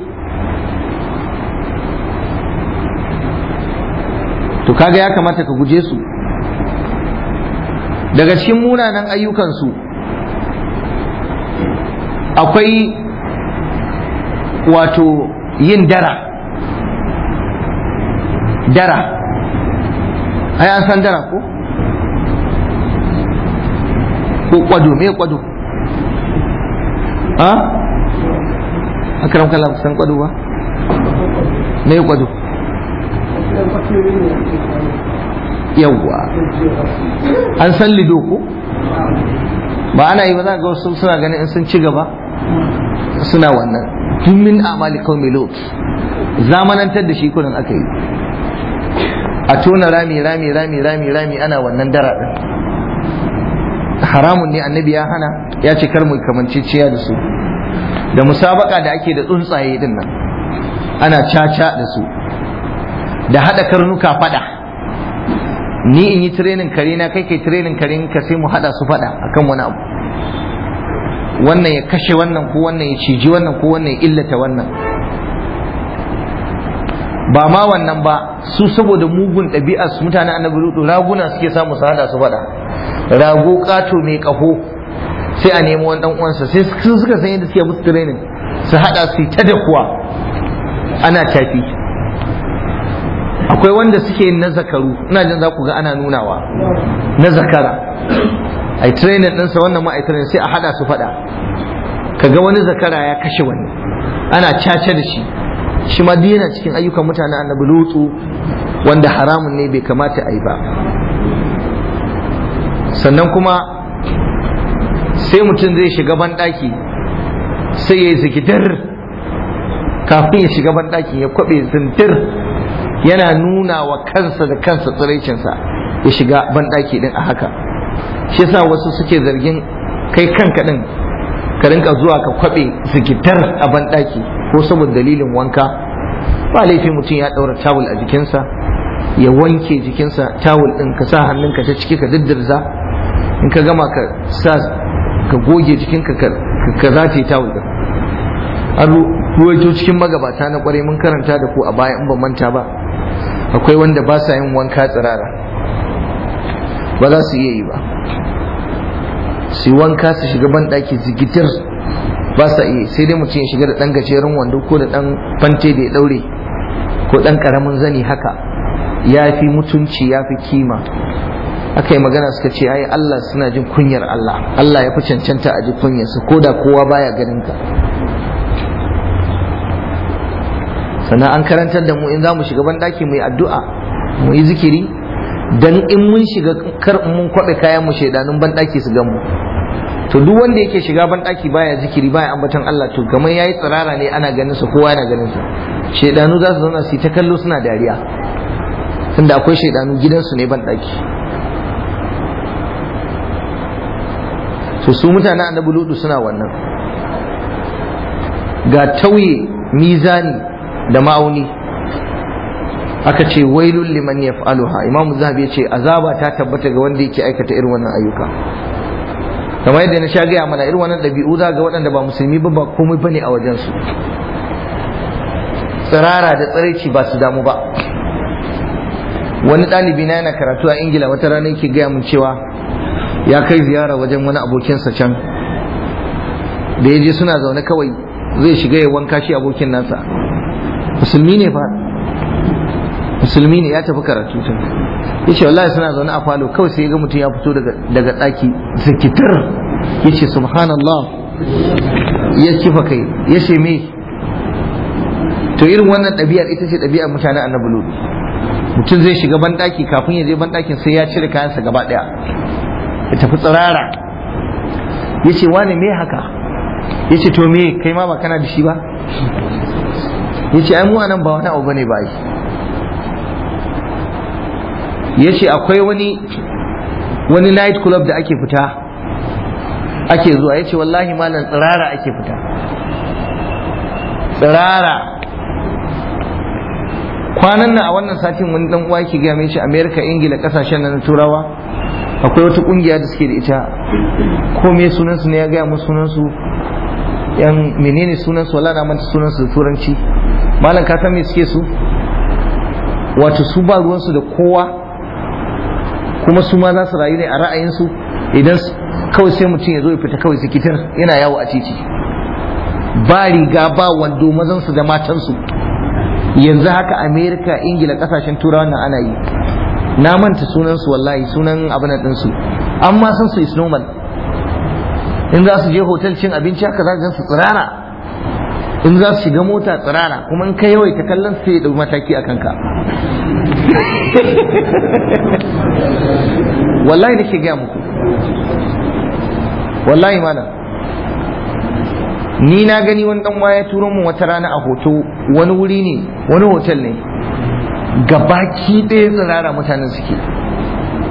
A: to kaga ya kamata ka guje su daga cikin munanan ayyukansu akwai wato yin dara dara ai an san dara ko ko kwado me kwado ha akram kala san kwado ba me kwado yawwa
B: an san lido ko
A: ba ana yi ba za ga wasu suna ganin in sun ci gaba suna wannan tun min amali kawai lot zamanantar da shi kurin aka yi a tona rami rami rami rami rami ana wannan dara din haramun ne annabi ya hana ya ce kar mu ciya da su da musabaka da ake da tsuntsaye din nan ana caca da su da haɗa karnuka fada ni in yi tirenin kare na kai kai tirenin kare ka sai mu hada su fada akan wani abu wannan ya kashe wannan ko wannan ya ciji wannan ko wannan ya illata wannan ba ma wannan ba su saboda mugun ɗabi'a su mutane annabi lutu raguna suke samu su hada su fada rago kato mai kaho sai a nemi wani dan uwansa sai su suka san yadda suke musu tirenin su hada su ta da kuwa ana tafi akwai wanda suke na zakaru ina jin za ku ga ana nunawa na zakara ai training ɗinsa wannan ma ai sai a haɗa su faɗa kaga wani zakara ya kashe wani ana caca da shi shi ma yana cikin ayyukan mutane annabi lutsu wanda haramun ne bai kamata a ba sannan kuma sai mutum zai shiga banɗaki sai ya yi zikidar kafin ya shiga banɗaki ya kwaɓe zintir yana nuna wa kansa da kansa tsiraicinsa ya shiga banɗaki ɗin a haka shi yasa wasu suke zargin kai kanka ɗin ka rinka zuwa ka kwaɓe zikitar a banɗaki ko saboda dalilin wanka ba laifi mutum ya ɗaura tawul a jikinsa ya wanke jikinsa tawul ɗin ka sa hannunka ta ciki ka diddirza in ka gama ka sa ka goge jikinka ka zafe tawul ɗin an ruwaito cikin magabata na ƙwarai mun karanta da ku a baya in ban manta ba akwai wanda ba sa yin wanka tsirara ba za su iya yi ba su wanka su shiga ban ɗaki zigitar ba sa iya sai dai mutum ya shiga da ɗan gajeren wando ko da ɗan fante da ya ɗaure ko ɗan ƙaramin zani haka ya fi mutunci ya fi kima aka yi magana suka ce ai Allah suna jin kunyar Allah Allah ya fi cancanta a ji kunyarsa ko da kowa baya ganin ka sannan an karantar da mu in za mu shiga banɗaki mu yi addu'a mu yi zikiri dan in mun shiga kar mun kwaɓe kayan mu shaidanun banɗaki su mu to duk wanda yake shiga banɗaki baya zikiri baya ambaton Allah to kamar yayi tsirara ne ana ganin sa kowa yana ganin sa shaidanu za su zauna su ta kallo suna dariya tunda akwai shaidanu gidansu ne banɗaki to su mutanen annabi ludu suna wannan ga tauye mizani da ma'auni aka ce wailul liman yaf'aluha imamu zahabi ya ce azaba ta tabbata ga wanda yake aikata irin wannan ayyuka kamar yadda na sha gaya mana irin wannan ɗabi'u za ga waɗanda ba musulmi ba ba komai ba ne a wajensu tsirara da tsiraici ba su damu ba wani ɗalibi na yana karatu a ingila wata rana yake gaya mun cewa ya kai ziyara wajen wani abokinsa can da ya je suna zaune kawai zai shiga ya wanka shi abokin nasa musulmi ne fa musulmi ne ya tafi karatu tun ya ce wallahi suna zaune a falo kawai sai ga mutum ya fito daga ɗaki zikitar ya ce subhanallah ya kifa kai ya ce me to irin wannan ɗabi'ar ita ce ɗabi'ar mutane annabi lulu mutum zai shiga banɗaki kafin ya je banɗakin sai ya cire kayansa gaba ɗaya ya tafi tsirara ya ce wane me haka ya ce to me kai ma ba kana da shi ba ce ai mu anan ba wani abu bane ba
B: shi ce akwai wani
A: wani night club da ake fita ake zuwa ya ce wallahi malam tsirara ake fita tsirara kwanan nan a wannan satin wani dan uwa yake gaya mai shi Amerika, Ingila kasashen na turawa akwai wata kungiya da suke da ita ko me sunansu ne ya gaya musu sunansu? yan menene sunan su wala na manta sunan su turanci malam ka san me suke su wato su ba ruwan su da kowa kuma su ma za su rayu ne a ra'ayin su idan kawai sai mutum ya zo ya fita kawai sikitar yana yawo a titi ba riga ba wando mazan su da matan su yanzu haka america ingila kasashen turawa nan ana yi na manta sunan su wallahi sunan abin din su amma san su is normal in za su je hotel cin abinci haka za gan su tsirara in za su shiga mota tsirara kuma in ka ta kallon su ya ɗau mataki a kanka wallahi ke gaya muku wallahi malam ni na gani wani dan waya turo mu wata rana a hoto wani wuri ne wani hotel ne baki ɗaya tsirara mutanen suke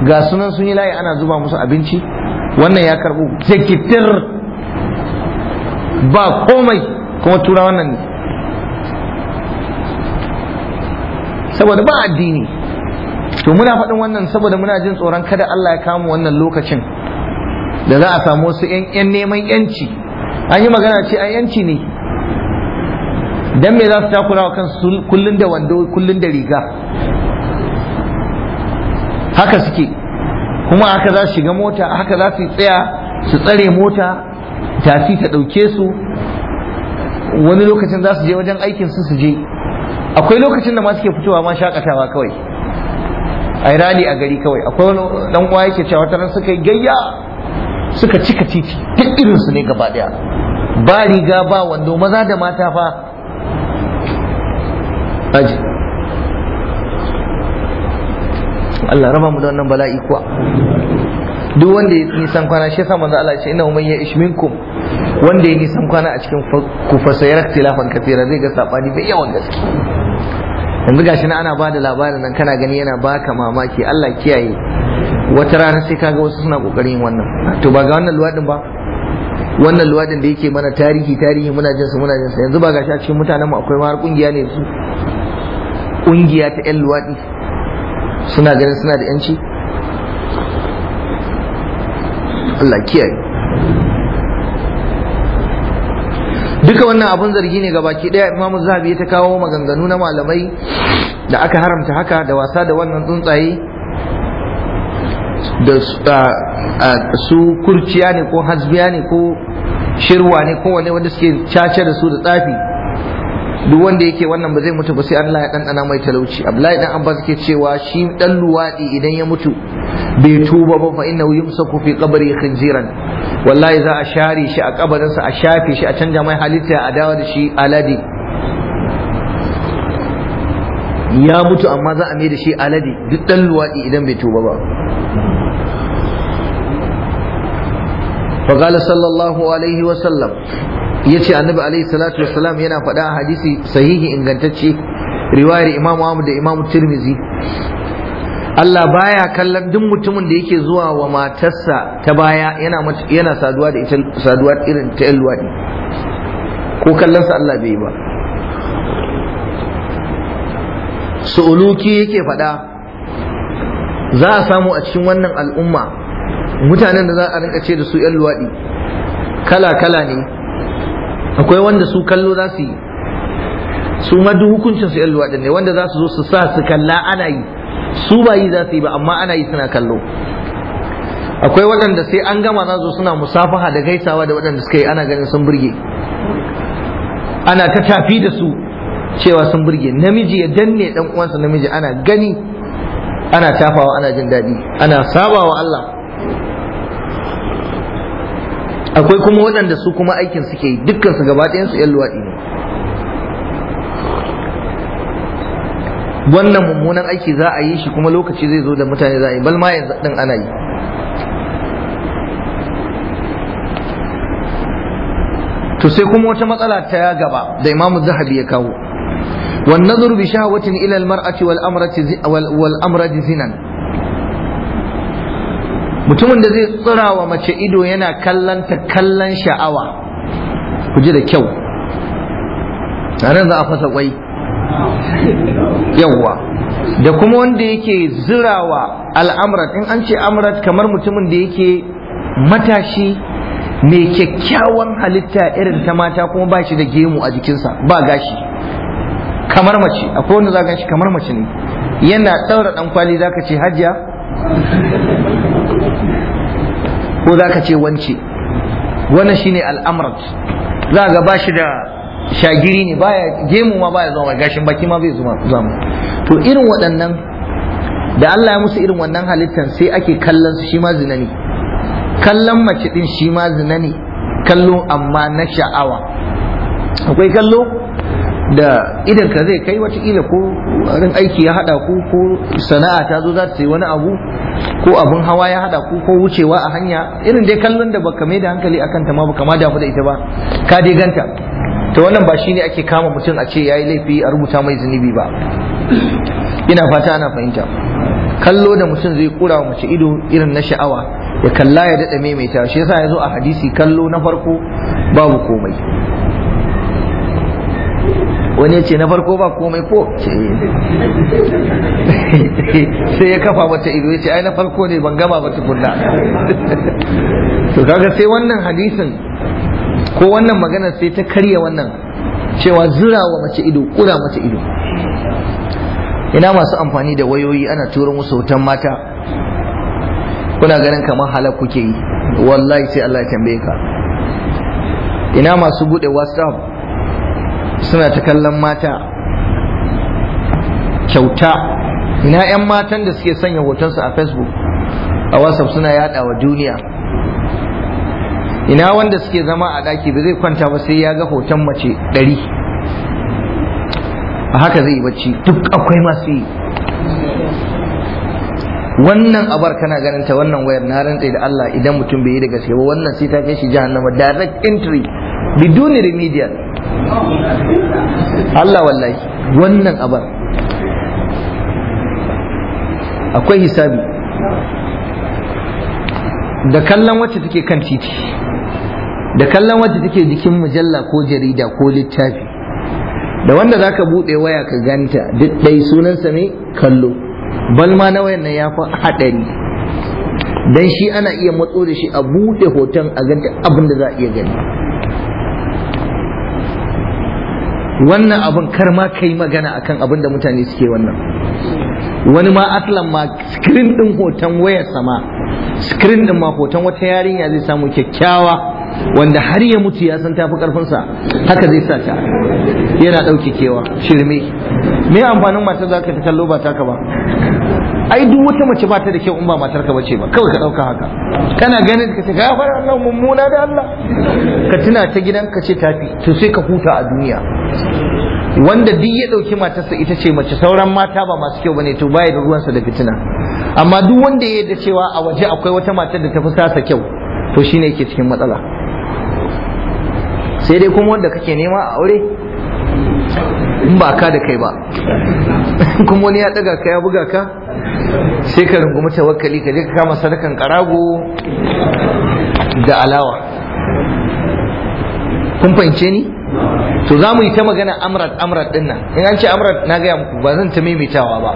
A: ga sunan sun yi layi ana zuba musu abinci wannan ya karbu jakitir ba komai kuma tura wannan ne saboda ba addini to muna faɗin wannan saboda muna jin tsoron kada Allah ya kama wannan lokacin da za a samu wasu 'yan neman 'yanci an yi magana ce a 'yanci ne dan me za su takura wa kansu kullun da wando kullun da riga haka suke kuma haka za su shiga mota haka za su tsaya su tsare mota tasi ta ɗauke su wani lokacin za su je wajen aikin su su je akwai lokacin da ma suke fitowa ma shakatawa kawai yi rani a gari kawai akwai wani dan uwa yake cewa wata suka yi gayya suka cika titi duk irin su ne gaba daya ba riga ba wando maza da mata fa Allah raba mu da wannan bala'i kuwa duk wanda ya nisan kwana shi yasa manzo Allah ya ce inna umman ya ishminkum wanda ya nisan kwana a cikin ku fasayar tilafan kafira zai ga sabani bai yawan gaske yanzu gashi na ana bada labarin nan kana gani yana baka mamaki Allah kiyaye wata rana sai kaga wasu suna kokarin wannan to ba ga wannan luwadin ba wannan luwadin da yake mana tarihi tarihi muna jinsa muna jinsa yanzu ba gashi a cikin mutanen mu akwai ma har kungiya ne su kungiya ta yan luwadi suna ganin suna da yanci Allah kiyaye duka wannan abun zargi ne ga baki daya imamu zahabi ya ta kawo maganganu na malamai da aka haramta haka da wasa da wannan tsuntsaye da su kurciya ne ko hasbiya ne ko shirwa ne ko wanda suke cace da su da tsafi duk wanda yake wannan ba zai mutu ba sai Allah ya ɗanɗana mai talauci Abdullahi dan Abbas ke cewa shi ɗan luwaɗi idan ya mutu bai tuba ba fa innahu yumsaku fi qabri khinziran wallahi za a share shi a kabarinsa a shafe shi a canja mai halitta a dawo da shi alade ya mutu amma za a mai da shi alade duk ɗan luwaɗi idan bai tuba ba فقال صلى الله عليه وسلم yace annabi alaihi salatu wassalam yana faɗa a hadisi sahihi ingantacce riwayar imamu amu da imamu Tirmizi Allah baya kallon duk mutumin da yake zuwa wa matarsa ta baya yana yana saduwa da ita saduwa irin ta luwaɗi ko kallon sa Allah bai ba su'uluki yake faɗa za a samu a cikin wannan al'umma mutanen da za a rinka ce da su 'yan luwaɗi kala kala ne akwai wanda su kallo za su yi su ma duk hukuncin su yan ne wanda za su zo su sa su kalla ana yi su ba yi za su yi ba amma ana yi suna kallo akwai waɗanda sai an gama za zo suna musafaha da gaisawa da waɗanda suka yi ana ganin sun burge ana ta tafi da su cewa sun burge namiji ya danne dan uwansa namiji ana gani
B: ana tafawa
A: ana jin daɗi ana sabawa Allah akwai kuma waɗanda su kuma aikin suke yi dukkan su gaba ɗayan su yan luwaɗi ne wannan mummunan aiki za a yi shi kuma lokaci zai zo da mutane za a yi balma yanzu ɗin ana yi to sai kuma wata matsala ta gaba da imamu zahabi ya kawo والنظر بشهوة إلى المرأة wal والأمرة zinan. mutumin da zai tsira wa mace ido yana kallon ta kallon sha'awa ku ji da kyau nan za a fasa kwai yawwa da kuma wanda yake wa al'amrat in an ce amrat kamar mutumin da yake matashi mai kyakkyawan halitta irin ta mata kuma ba shi da gemu a jikinsa ba gashi kamar mace akwai wanda za shi kamar mace ne yana ɗaura ɗan kwali za ka ce hajiya ko za ka ce wance wannan shine al'amrat za ga ba shi da shagiri ne baya gemu ma baya zama gashin baki ma bai zama to irin waɗannan da Allah ya musu irin wannan halittan sai ake kallon su shi ma zina kallon mace din shi ma zina ne kallo amma na sha'awa akwai kallo da idan ka zai kai watakila ko rin aiki ya hada ku ko sana'a ta zo za ta yi wani abu ko abun hawa ya hada ku ko wucewa a hanya irin dai kallon da baka mai da hankali akan ta ma baka ma damu da ita ba ka dai ganta to wannan ba shine ake kama mutum a ce yayi laifi a rubuta mai zunubi ba ina fata ana fahimta kallo da mutum zai kura wa mace ido irin na sha'awa ya kalla ya mai maimaita shi yasa ya zo a hadisi kallo na farko babu komai wani ya ce na farko ba komai ko eh. sai ya kafa mata ido ya ce ai na farko ne ban gama ba tukunna to kaga sai wannan hadisin ko wannan magana sai ta karya wannan cewa zura wa mace ido kura mace ido ina masu amfani da wayoyi ana turo wasu hoton mata kuna ganin kamar halar kuke yi wallahi sai Allah ya tambaye ka ina masu bude whatsapp suna ta kallon mata kyauta ina 'yan matan da suke sanya hotonsu a facebook a whatsapp suna yada wa duniya ina wanda suke zama a daki ba zai kwanta ba sai ya ga hoton mace ɗari a haka zai yi bacci duk akwai masu yi wannan abar kana ganin ta wannan wayar na rantse da Allah idan mutum bai yi da gaske ba wannan sai ta kai shi jahannama direct entry biduni remedial Allah wallahi wannan abar akwai hisabi da kallon wacce take kan titi da kallon wacce take jikin mujalla ko jarida ko littafi da wanda za ka buɗe waya ka ganta duk ɗai sunansa ne kallo balma na wayan nan ya fi haɗari don shi ana iya matso da shi a buɗe hoton a ganta abin da za a iya gani wannan abin kar ma kai magana akan abin da mutane suke wannan wani ma atlan ma screen din hoton wayar sama screen din ma hoton wata yarinya zai samu kyakkyawa wanda har ya mutu ya san tafi karfinsa haka zai sa ta yana ɗauke kewa shirme me amfanin mata za ka ta kallo ba taka ba ai duk wata mace ba ta da kyau in ba matar ka bace ba kawai ka ɗauka haka kana ganin ka ce gafara Allah mummuna da Allah ka tuna ta gidan ka ce tafi to sai ka huta a duniya wanda duk ya ɗauki matarsa ita ce mace sauran mata ba masu kyau bane to baya da ruwansa da fitina amma duk wanda ya yarda cewa a waje akwai wata matar da ta sasa kyau to shine yake cikin matsala sai dai kuma wanda kake nema a aure in ba ka da kai ba kuma wani ya ɗaga ka ya buga ka sai ka rungumi tawakkali ka je ka kama sadakan karago da alawa kun fahimce ni to za mu yi ta magana amrat amrat din nan in an ce amrat na gaya muku ba zan ta maimaitawa ba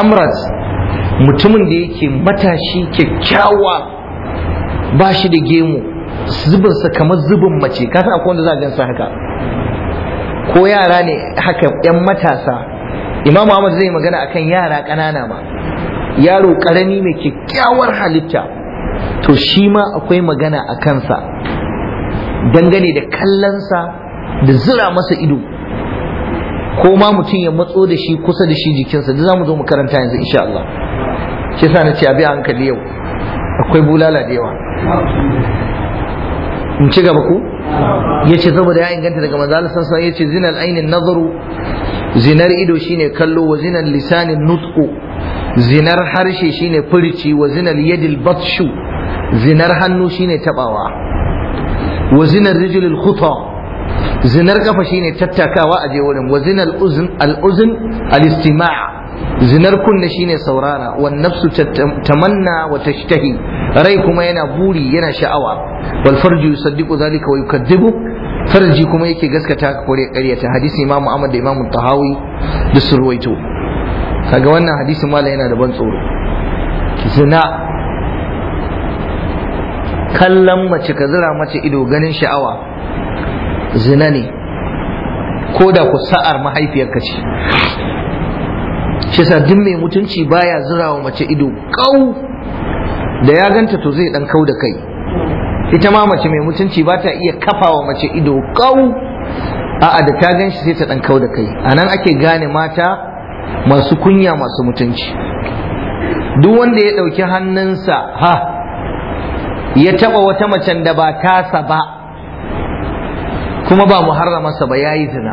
A: amrat mutumin da yake matashi kyakkyawa ba shi da gemu zubinsa kamar zubin mace ka san akwai wanda za a gansa haka ko yara ne haka yan matasa imam ahmad zai magana akan yara ƙanana ma yaro ƙarami mai kyakkyawar halitta to shi ma akwai magana a kansa dangane da kallonsa da zira masa ido ko ma mutum ya matso da shi kusa da shi jikinsa da za mu zo mu karanta yanzu insha Allah shi sa na abi hankali yau akwai bulala da yawa in ci gaba ku ya ce saboda ya inganta daga manzala sassan ya ce zinar ainin nazaru zinar ido shine kallo wa zinar lisanin nutku zinar harshe shine furici wa zinar yadil batshu zinar hannu shine tabawa wa zinar rijilil khuta zinar kafa shine tattakawa a wurin wa zinal uzn al uzn al istima' zinar kunne shine saurara wan nafsu tamanna wa tashtahi rai kuma yana buri yana sha'awa wal farju yusaddiqu zalika wa yukaddibu farji kuma yake gaskata ko da ƙaryata hadisi imamu Ahmad da imamu Tahawi da surwaito kaga wannan hadisi mala yana da ban tsoro zina kallon mace ka zira mace ido ganin sha'awa zina ne ko da ku sa'ar mahaifiyarka ce shi duk mai mutunci baya zirawa mace ido kau da ya ganta to zai dan kau da kai ita ma mace mai mutunci ba ta iya kafawa mace ido kau a'a da ta gan shi sai ta dan kau da kai anan ake gane mata masu kunya masu mutunci duk wanda ya ɗauki hannunsa ha ya taɓa wata macen da ba tasa ba kuma ba mu muharramarsa ba yayi zina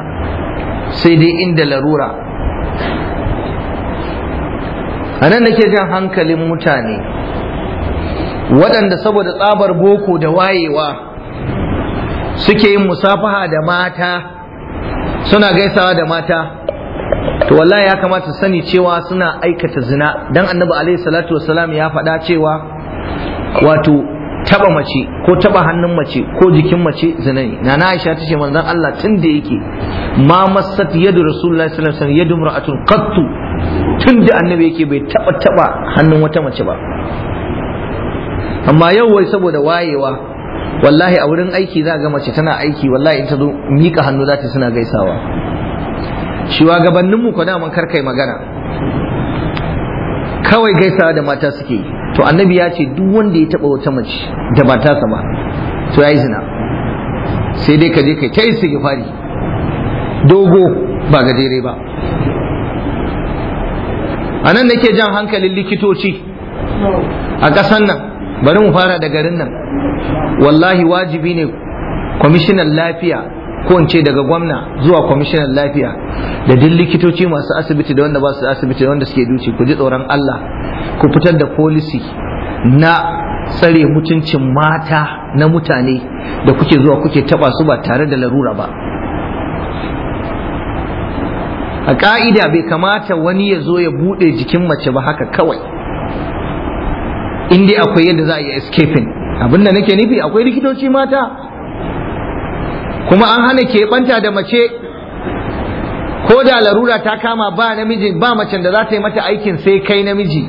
A: sai dai inda larura a nan nake jan hankalin mutane waɗanda saboda tsabar boko da wayewa suke yin musafaha da mata suna gaisawa da mata to wallahi ya kamata sani cewa suna aikata zina dan annabi alaihi salatu wasalam ya faɗa cewa wato taba mace ko taba hannun mace ko jikin mace zina ne na Aisha tace manzon Allah tun da yake ma masat yadu Rasulullahi sallallahu alaihi wasallam yadu mar'atun qattu tun da annabi yake bai taba taba hannun wata mace ba amma yau wai saboda wayewa wallahi a wurin aiki za ga mace tana aiki wallahi in ta zo mika hannu za ta suna gaisawa mu ko da mun karkai magana kawai gaisawa da mata suke yi to annabi ya ce duk wanda ya taba wata mace da ba ta sama to yayi zina sai dai ka je kai ta istighfari dogo ba ga gajere ba a nan nake jan hankalin likitoci a ƙasan nan bari mu fara da garin nan wallahi wajibi ne kwamishinan lafiya ko ce daga gwamna zuwa kwamishinan lafiya da duk likitoci masu asibiti da wanda ba su asibiti da wanda suke duci ku ji tsoron Allah ku fitar da policy na tsare mutuncin mata na mutane da kuke zuwa kuke taba su ba tare da larura ba a ka'ida bai kamata wani ya zo ya bude jikin mace ba haka kawai in dai akwai yadda za a yi escaping abinda nake nufi akwai likitoci mata kuma an hana keɓanta da mace ko da larura ta kama ba namiji ba macen da za ta yi mata aikin sai kai namiji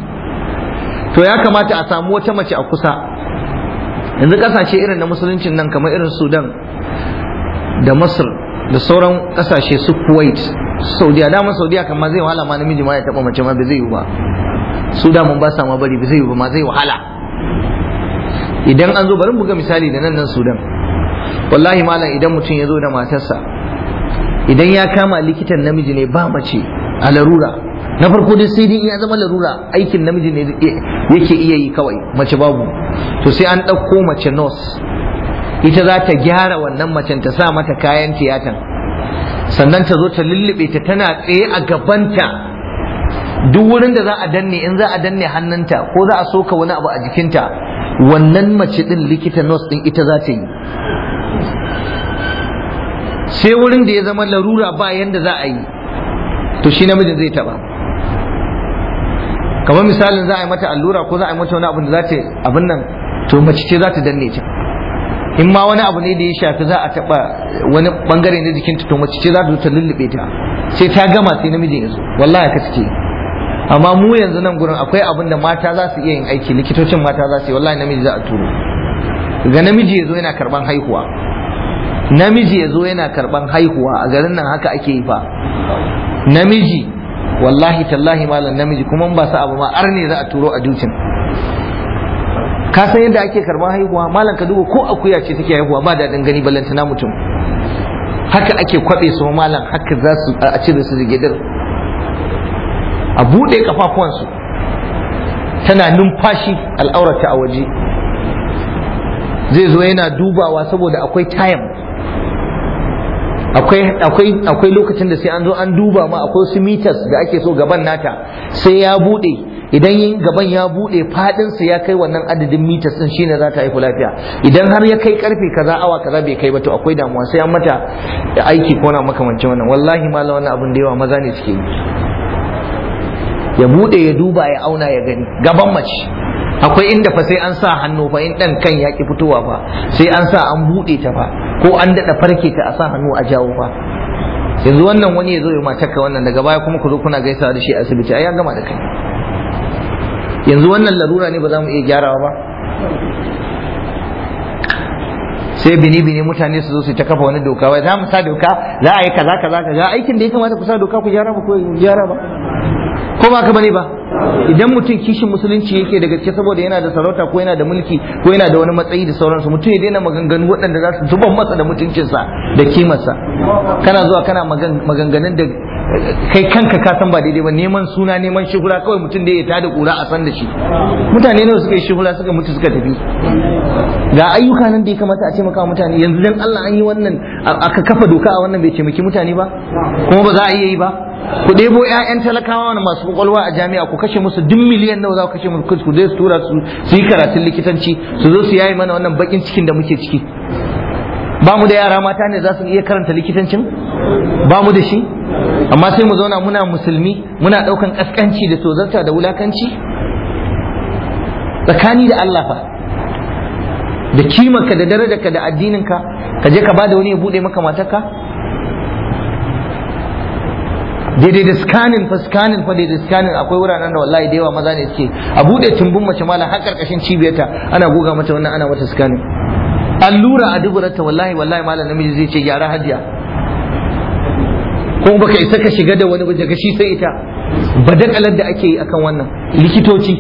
A: to ya kamata a samu wata mace a kusa yanzu kasashe irin na musuluncin nan kamar irin sudan da masar da sauran kasashe su kuwait saudiya dama saudiya kamar zai wahala ma namiji ma ya taɓa mace ma ba zai yi ba su mun ba sa ma bari ba zai yi ba ma zai wahala idan an zo bari buga misali da nan nan sudan wallahi malam idan mutum ya zo da matarsa idan ya kama likitan namiji ne ba mace a larura na farko dai sai dai ya zama larura aikin namiji ne yake iya yi kawai mace babu to sai an ɗauko mace nurse ita za ta gyara wannan macen ta sa mata kayan tiyatan sannan ta zo ta lullube ta tana tsaye a gabanta duk wurin da za a danne in za a danne hannunta ko za a soka wani abu a jikinta wannan mace din likita nurse din ita za ta yi sai wurin da ya zama larura ba yadda za a yi to shi namijin zai taba kamar misalin za a yi mata allura ko za a yi mata wani abin da za ta abin nan to mace ce za ta danne ta in ma wani abu ne da ya shafi za a taba wani bangare na jikinta to mace ce za ta lullube ta sai ta gama sai namijin ya zo wallahi ka take amma mu yanzu nan gurin akwai abin da mata za su iya yin aiki likitocin mata za su yi wallahi namiji za a turo ga namiji ya zo yana karban haihuwa namiji ya zo yana karban haihuwa a garin nan haka ake yi fa namiji wallahi tallahi malam namiji kuma ba sa abu ma arne za a turo a dukin ka san yadda ake karban haihuwa malam ka duba ko akuya ce take haihuwa ba daɗin gani ballantana mutum haka ake kwaɓe su malam haka za su a cire su gidar a buɗe kafafuwansu tana numfashi al'aurata a waje zai zo yana dubawa saboda akwai tayam akwai lokacin da sai an zo an duba ma akwai su meters da ake so gaban nata sai ya bude idan yin gaban ya bude fadinsa ya kai wannan adadin meters din shine za ta haihu lafiya idan har ya kai karfe kaza awa kaza bai kai ba to akwai damuwa sai an mata aiki ko na makamancin wannan wallahi malam wannan abun da yawa maza ne suke yi ya bude ya duba ya auna ya gani gaban mace akwai inda fa sai an sa hannu fa in dan kan ya ki fitowa fa sai an sa an bude ta fa ko an daɗa farke ka a sa hannu a jawo fa yanzu wannan wani ya zo ya matarka wannan daga baya kuma ku zo kuna gaisawa da shi a asibiti ai ya gama da kai yanzu wannan larura ne ba za mu iya gyarawa ba sai bini bini mutane su zo su ta kafa wani doka wai za mu sa doka za a yi kaza kaza kaza aikin da ya kamata ku sa doka ku gyara ba ku gyara ba ko ba ka bane ba idan mutum kishin musulunci yake da gaske saboda yana da sarauta ko yana da mulki ko yana da wani matsayi da sauransu mutum ya daina maganganu waɗanda za su zuban masa da mutuncinsa da kimarsa kana zuwa kana maganganun da kai kanka ka san ba daidai ba neman suna neman shihura kawai mutum da ya tada kura a san da shi mutane ne suka yi shihura suka mutu suka tafi ga ayyuka nan da ya kamata a taimaka mutane yanzu dan Allah an yi wannan aka kafa doka a wannan bai taimaki mutane ba kuma ba za a iya yi ba ku ɗebo 'ya'yan talakawa masu kwakwalwa a jami'a ku kashe musu duk miliyan nawa za ku kashe musu ku zai su tura su su yi karatun likitanci su zo su yayi mana wannan bakin cikin da muke ciki ba mu da yara mata ne za su iya karanta likitancin ba mu da shi amma sai mu zauna muna musulmi muna ɗaukan ƙasƙanci da tozarta da wulakanci tsakani da Allah fa da kimanka da darajarka da addininka ka je ka bada wani ya buɗe maka matarka daidai da scanning fa scanning fa daidai scanning akwai wuraren da wallahi da yawa maza ne suke a bude tumbun mace malam har karkashin cibiyarta ana goga mata wannan ana mata scanning allura a duburarta wallahi wallahi malam namiji zai ce gyara hajiya ko baka isa ka shiga da wani daga shi sai ita badakalar da ake yi akan wannan likitoci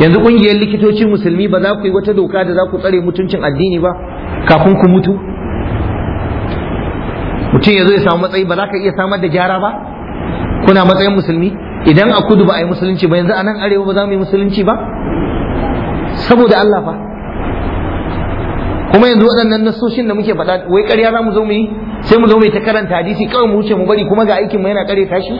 A: yanzu kungiyar likitoci musulmi ba za ku yi wata doka da za ku tsare mutuncin addini ba kafin ku mutu mutum ya zo ya samu matsayi ba za ka iya samar da gyara ba kuna matsayin musulmi idan a kudu ba a yi musulunci ba yanzu a nan arewa ba za mu yi musulunci ba saboda Allah fa kuma yanzu waɗannan nasoshin da muke faɗa wai ƙarya za mu zo mu yi sai mu zo mu yi ta karanta hadisi kawai mu wuce mu bari kuma ga aikin mu yana ƙare tashi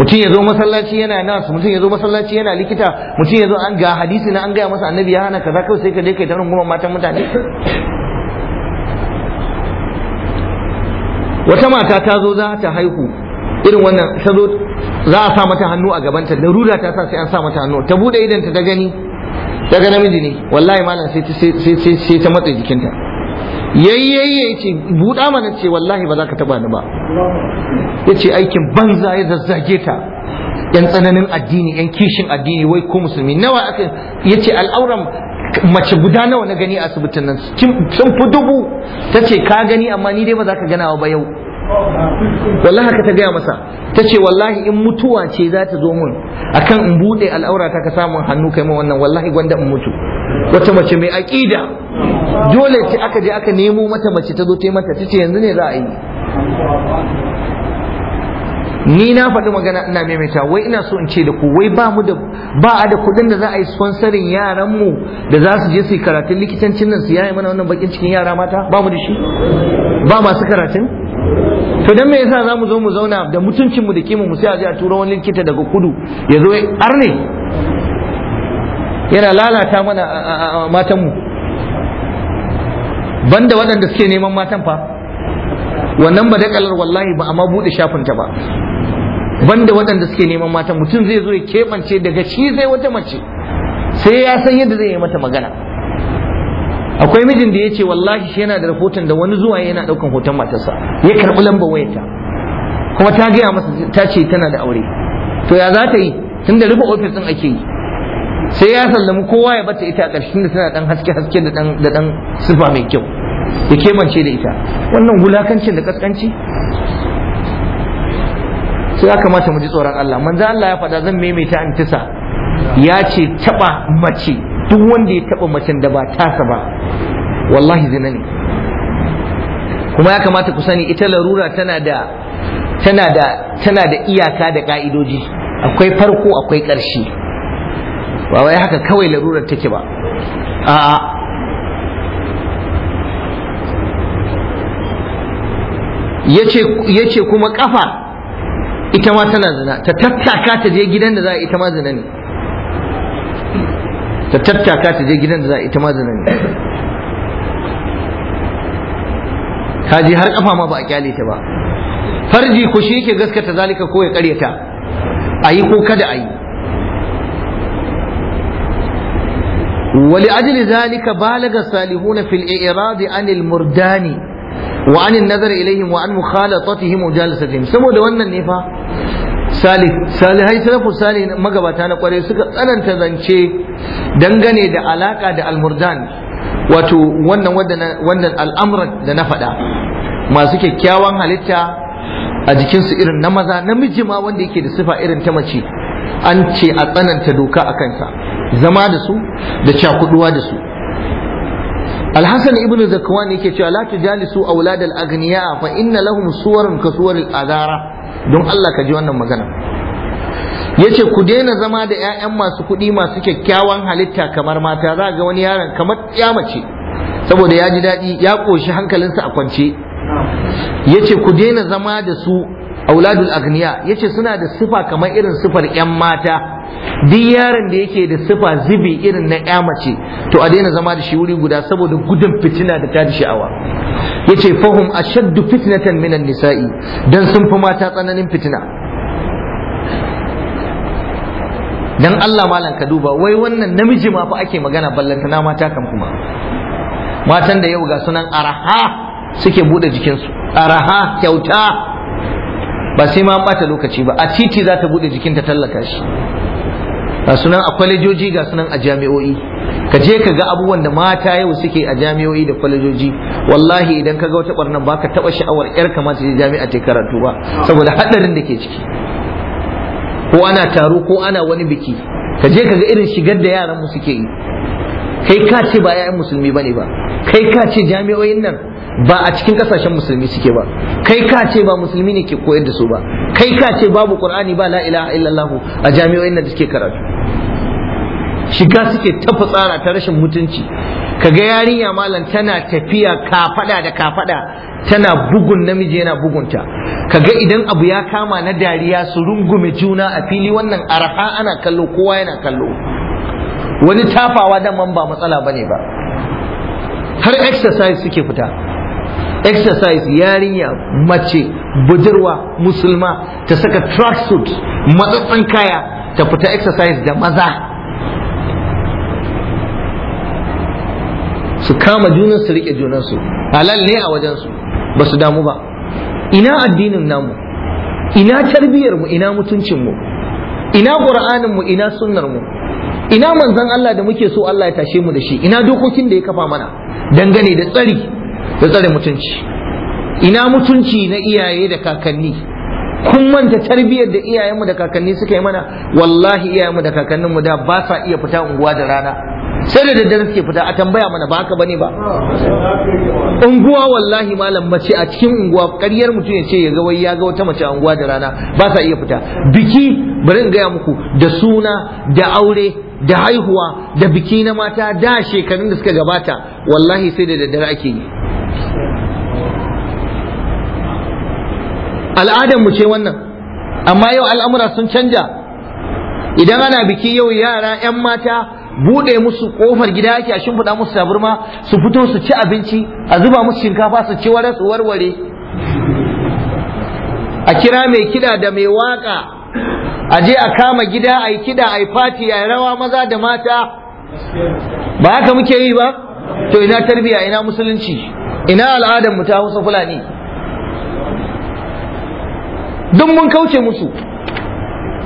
A: mutum ya zo masallaci yana nas mutum ya zo masallaci yana likita mutum ya zo an ga hadisi na an gaya masa annabi ya hana kaza kawai sai ka je kai ta rungumar matan mutane wata mata ta zo za ta haihu irin wannan ta zo za a sa mata hannu a gabanta ruda ta sa sai an sa mata hannu ta bude idan ta gani ta ga namiji ne wallahi malam sai sai ta matsa jikinta yayyayye ce buda mana ce wallahi ba za ka taba ni ba yace aikin banza ya zazzage ta yan tsananin addini yan kishin addini wai ko musulmi nawa aka ya ce al'auran mace guda nawa na gani a asibitin nan sun fi dubu ta ce ka gani amma ni dai ba za ka gana ba yau wallahi haka ta gaya masa ta ce wallahi in mutuwa ce za ta zo mun akan in buɗe al'aura ta ka samun hannu kai ma wannan wallahi gwanda in mutu wata mace mai aƙida dole ce aka je aka nemo mata mace ta zo ta yi mata ta ce yanzu ne za a yi ni na faɗi magana ina maimaita wai ina so in ce da ku wai ba mu da ba a da kuɗin da za a yi sponsorin yaran mu da za su je su yi karatun likitancin nan su yaye mana wannan bakin cikin yara mata ba mu da shi ba masu karatun to dan me yasa zamu zo mu zauna da mutuncin mu da kima mu sai a je a turo wani likita daga kudu ya zo arne yana lalata mana matan mu banda waɗanda suke neman matan fa wannan ba badakalar wallahi ba amma bude shafin ta ba banda waɗanda suke neman mata mutum zai zo ya keɓance daga shi zai wata mace sai ya san yadda zai yi mata magana akwai mijin da ya ce wallahi shi yana da rahoton da wani zuwa yana ɗaukan hoton matarsa ya karɓi lambar wayarta kuma ta gaya masa ta ce tana da aure to ya za ta yi tun da rufe ofis ɗin ake yi sai ya sallami kowa ya bata ita a ƙarshen da tana ɗan haske haske da ɗan da ɗan sifa mai kyau ya kemance da ita wannan wulakancin da kaskanci sai ya kamata mu ji tsoron Allah manzo Allah ya faɗa zan maimaita an tisa ya ce taba mace duk wanda ya taba macen da ba tasa ba wallahi zina ne kuma ya kamata ku sani ita larura tana da tana da tana da iyaka da ka'idoji akwai farko akwai ƙarshe ba wai haka kawai larurar take ba a'a yace kuma kafa ita ma tana zina ta tattaka ta je gidan da za a ita ma zina ne ta tattaka ta je gidan da za a ita ma zina ne ka je har kafa ma ba a kyale ta ba farji ku shi yake gaskata zalika ko ya karyata a yi ko kada a yi ولأجل ذلك بالغ الصالحون في الإعراض عن المرداني Wa'anin anin nazar ilaihim wa an mukhalatatihim wa jalasatihim saboda wannan ne fa salih salihai salafu salih magabata na kware suka tsananta zance dangane da alaƙa da almurdan wato wannan al'amuran da na faɗa masu kyakkyawan halitta a jikinsu irin na maza namiji ma wanda yake da sifa irin ta mace an ce a tsananta doka a kansa zama da su da cakuduwa da su alhassan ibn zakwan yake cewa la tujalisu auladal agniya fa inna lahum suwarun ka suwaril adara don Allah ka ji wannan magana yace ku daina zama da ƴaƴan masu kuɗi masu kyakkyawan halitta kamar mata za ga wani yaron kamar mace saboda ya ji daɗi ya ƙoshi hankalinsa a kwance yace ku daina zama da su auladul agniya yace suna da sifa kamar irin sifar ƴan mata duk yaron da yake da sifa zubi irin na ya mace to a daina zama da shi wuri guda saboda gudun fitina da ta da sha'awa yace fahum ashaddu fitnatan minan nisa'i dan sun fi mata tsananin fitina dan Allah malam ka duba wai wannan namiji ma fa ake magana ballanta na mata kan kuma matan da yau ga sunan araha suke bude jikinsu araha kyauta ba sai ma bata lokaci ba a titi za ta bude ta tallaka shi ga sunan a kwalejoji ga sunan a jami'o'i ka je ka ga abubuwan da mata yau suke a jami'o'i da kwalejoji wallahi idan ka ga wata barnan ba ka taba sha'awar yar kamata je jami'a ta karatu ba saboda hadarin da ke ciki ko ana taro ko ana wani biki ka je ka ga irin shigar da yaran mu suke yi kai ka ce ba 'ya'yan musulmi bane ba kai ka ce jami'o'in nan ba a cikin kasashen musulmi suke ba kai ka ce ba musulmi ne ke koyar da su ba kai ka ce babu qur'ani ba la ilaha illallah a jami'o'in nan da suke karatu shiga suke tafi tsara ta rashin mutunci kaga yarinya malam tana tafiya kafada da kafada tana bugun namiji yana bugunta kaga idan abu ya kama na dariya su rungume juna a fili wannan araha ana kallo kowa yana kallo
B: wani tafawa
A: man ba matsala bane ba har exercise suke fita exercise yarinya mace budurwa musulma ta saka tracksuit matsatsan kaya ta fita exercise da maza su kama junan su rike junan su halal ne a wajen su ba su damu ba ina addinin namu ina tarbiyar mu ina mutuncin mu ina qur'anin mu ina sunnar mu ina manzon Allah da muke so Allah ya tashe mu da shi ina dokokin da ya kafa mana dangane da tsari da tsare mutunci ina mutunci na iyaye da kakanni kun manta tarbiyyar da iyayenmu da kakanni suka yi mana wallahi iyayenmu da kakanninmu da ba sa iya fita unguwa da rana sai da daddare suke fita a tambaya mana ba haka bane ba unguwa wallahi malam mace a cikin unguwa ƙaryar mutum ya ce ya ga wai ya ga wata mace a unguwa da rana ba sa iya fita biki bari in gaya muku da suna da aure da haihuwa da biki na mata da shekarun da suka gabata wallahi sai da daddare ake yi al'adar mu ce wannan amma yau al'amura sun canja idan ana biki yau yara 'yan mata bude musu kofar gida yake a shimfiɗa musu taburma su fito su ci abinci a zuba musu shinkafa su ci ware su warware a kira mai kida da mai waka a je a kama gida a yi kida a yi fati a rawa maza da mata ba haka muke yi ba to ina tarbiya ina musulunci ina al'adar mu ta Hausa Fulani duk mun kauce musu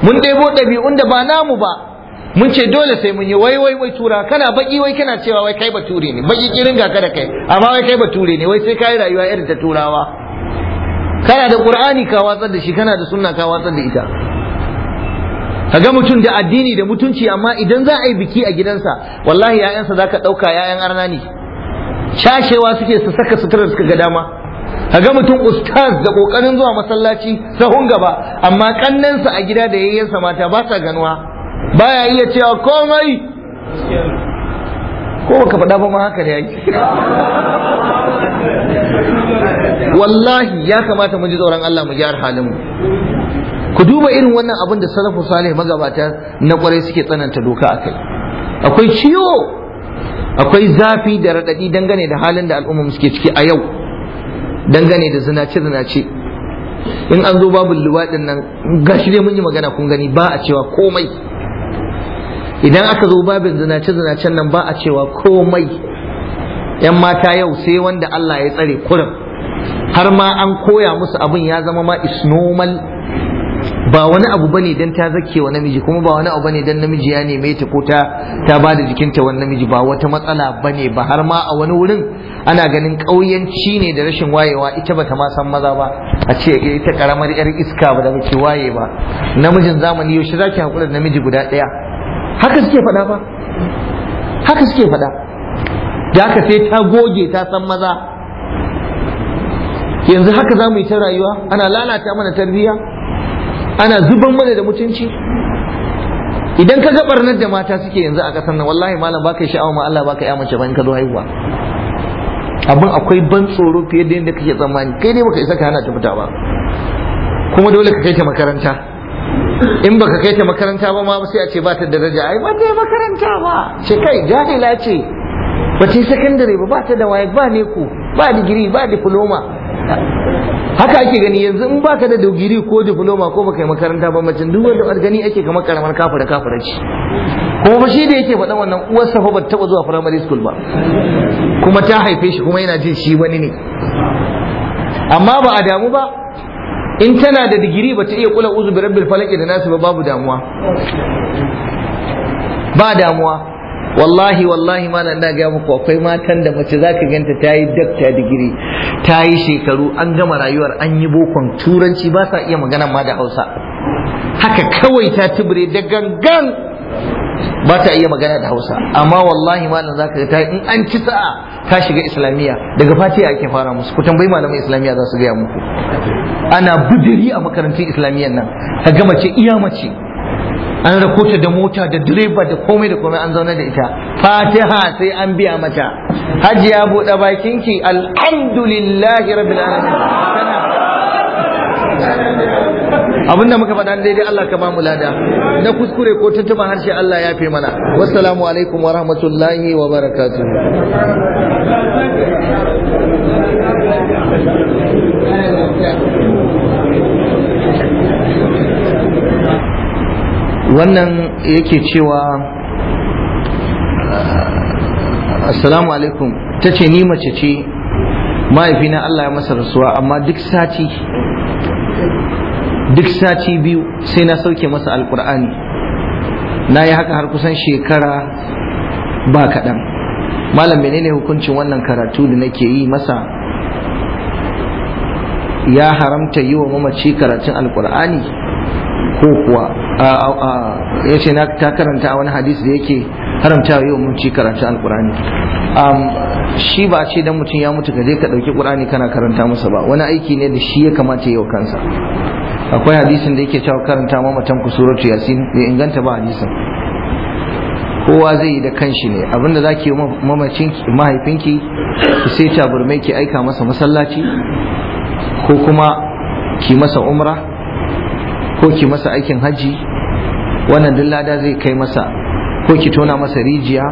A: mun ɗebo ɗabi'un da ba namu ba mun ce dole sai mun yi wai wai wai tura kana baki wai kana cewa wai kai bature ne baki kirin ga kada kai amma wai kai bature ne wai sai kai rayuwa irin ta turawa kana da qur'ani ka watsar da shi kana da sunna ka watsar da ita kaga mutum da addini da mutunci amma idan za a yi biki a gidansa wallahi ƴaƴansa zaka ɗauka 'ya'yan arna ne cashewa suke su saka sutura suka ga dama kaga mutum ustaz da kokarin zuwa masallaci sahun gaba amma kannansa a gida da yayyansa mata ba sa ganuwa baya iya cewa komai ko ka faɗa ba ma haka ne yake wallahi ya kamata mu ji tsoron Allah mu gyara halin mu ku duba irin wannan abin da salafu salih magabata na kwarai suke tsananta doka akai akwai ciwo akwai zafi da radadi dangane da halin da al'umma suke ciki a yau dangane da zinace-zinace in an zo babu luwaɗin nan gashi dai mun yi magana kun gani ba a cewa komai idan aka zo babin zinace zinacen nan ba a cewa komai yan mata yau sai wanda Allah ya tsare kurin har ma an koya musu abin ya zama ma is normal ba wani abu bane dan ta zake wa namiji kuma ba wani abu bane dan namiji ya neme ta ko ta ta ba da jikinta wani namiji ba wata matsala bane ba har ma a wani wurin ana ganin ƙauyanci ne da rashin wayewa ita bata ma san maza ba a ce ita karamar yar iska ba da muke waye ba namijin zamani yaushe zaki hakura da namiji guda ɗaya haka suke faɗa ba haka suke faɗa da haka sai ta goge ta san maza yanzu haka za mu yi ta rayuwa ana lalata mana tarbiyya ana zuban mana da mutunci idan ka ga barnar da mata suke yanzu a ƙasar nan wallahi malam baka sha'awa ma Allah baka ya mace ba in ka zo haihuwa abin akwai ban tsoro fiye da yadda kake tsammani kai ne baka isa ka hana ta fita ba kuma dole ka kai ta makaranta in baka kai ta makaranta ba ma sai a ce ba ta daraja ai ba ta makaranta ba ce kai jahila ce ba sakandare ba ba ta da waye ba ne ku ba digiri ba diploma haka ake gani yanzu in baka da digiri ko diploma ko baka yi makaranta ba mace duk wanda gani ake kamar karamar kafira kafira ce kuma ba shi da yake faɗan wannan uwar sa ba taɓa zuwa primary school ba kuma ta haife shi kuma yana jin shi wani ne amma ba a damu ba in tana da digiri ba ta iya kula uzu bi rabbil falaki da nasu ba babu damuwa ba damuwa wallahi wallahi malam na ga muku akwai matan da mace zaka ganta ta yi dakta digiri ta yi shekaru an gama rayuwar an yi bokon turanci ba sa iya magana ma da hausa haka kawai ta tubure da gangan ba ta iya magana da hausa amma wallahi malam zaka ga in an ci sa'a ta shiga islamiyya daga fatiha ake fara musu ku tambayi malaman islamiyya za su gaya muku ana budiri a makarantun islamiyya nan ka gama ce iya mace an rakota da mota da direba da komai da komai an zauna da ita fatiha sai an biya mata hajiya buɗe bakinki alhamdulillahi rabbil
B: alamin abinda
A: muka faɗa daidai Allah ka ba mu lada na kuskure ko tuntuma harshe Allah ya fi mana wassalamu alaikum wa rahmatullahi wa barakatu. wannan yake cewa assalamu alaikum ta ce ni mace ce mahaifina Allah ya masa rasuwa amma duk sati duk sati biyu sai na sauke masa alkur'ani na yi haka har kusan shekara ba kaɗan malam menene hukuncin wannan karatu da nake yi masa ya haramta yi wa mamaci karatun alkur'ani ko kuwa ya ce na ta karanta a wani hadis da yake haramta yi wa mamaci karatun alkur'ani shi ba ce dan mutum ya mutu ka je ka ɗauki ƙur'ani kana karanta masa ba wani aiki ne da shi ya kamata yau kansa akwai hadisin da yake cewa karanta mamatan ku suratu yasin ya inganta ba hadisin kowa zai yi da kanshi ne abinda zaki yi mamacin mahaifinki ki sai ta burme ki aika masa masallaci ko kuma ki masa umra ko ki masa aikin hajji wannan duk lada zai kai masa ko ki tona masa rijiya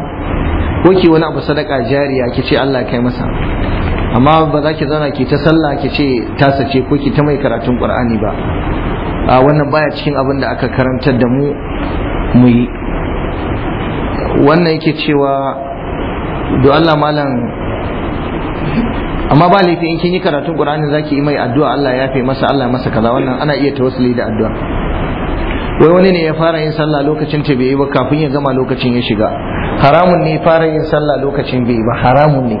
A: ko ki wani abu sadaka jariya ki ce Allah kai masa amma ba za ki zana ki ta sallah ki ce ta sace ko ki ta mai karatun qur'ani ba a wannan baya cikin abin da aka karantar da mu mu yi wannan yake cewa do Allah malam amma ba laifi in kin yi karatun qur'ani zaki yi mai addu'a Allah ya fi masa Allah masa kaza wannan ana iya tawassuli da addu'a wai wani ne ya fara yin sallah lokacin ta bai yi ba kafin ya gama lokacin ya shiga haramun ne fara yin sallah lokacin bai yi ba haramun ne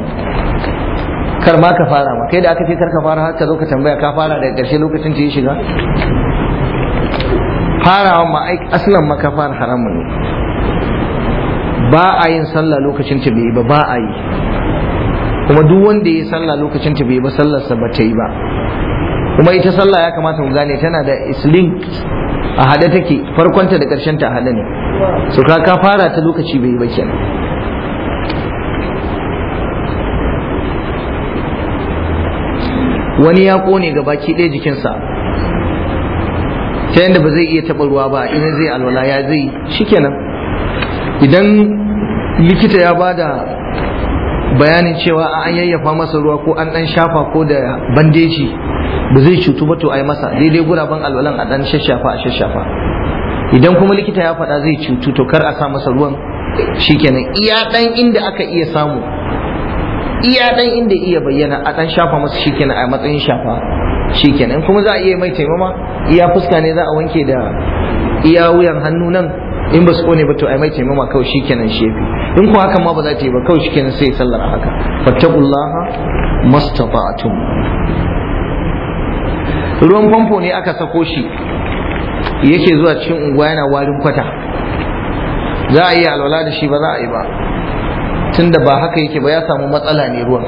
A: kar ma ka fara ma kai da aka ce kar ka fara har ka zo ka tambaya ka fara daga ƙarshe lokacin ci ya shiga farawa ma ai aslan ma ka fara haramun ne ba a yin sallah lokacin ta bai ba ba a yi kuma duk wanda ya sallah lokacin ta bai ba sallarsa ba ta yi ba kuma ita sallah ya kamata mu gane tana da islin a hade take farkonta da ƙarshen ta a hade ne so ka ka fara ta lokaci bai ba kenan wani ya kone ga baki ɗaya jikinsa ta yadda ba zai iya taɓa ruwa ba idan zai alwala ya zai shikenan idan likita ya bada bayanin cewa an yayyafa masa ruwa ko an ɗan shafa ko da bandeji ba zai cutu ba to a yi masa daidai guraben alwalan a ɗan shashafa a shashafa idan kuma likita ya faɗa zai cutu to kar a sa masa ruwan shikenan iya ɗan inda aka iya samu iya dan inda iya bayyana a dan shafa musu shikenan a matsayin shafa shikenan in kuma za a iya mai taimama iya fuska ne za a wanke da iya wuyan hannu nan in ba su kone ba to ai mai taimama kawai shikenan shefi in kuma hakan ma ba za ta yi ba kawai shikenan sai sallar haka fattaqullaha mastata'tum ruwan famfo ne aka sako shi yake zuwa cikin unguwa yana warin kwata za a yi alwala da shi ba za a yi ba tunda ba haka yake ba ya samu matsala ne ruwan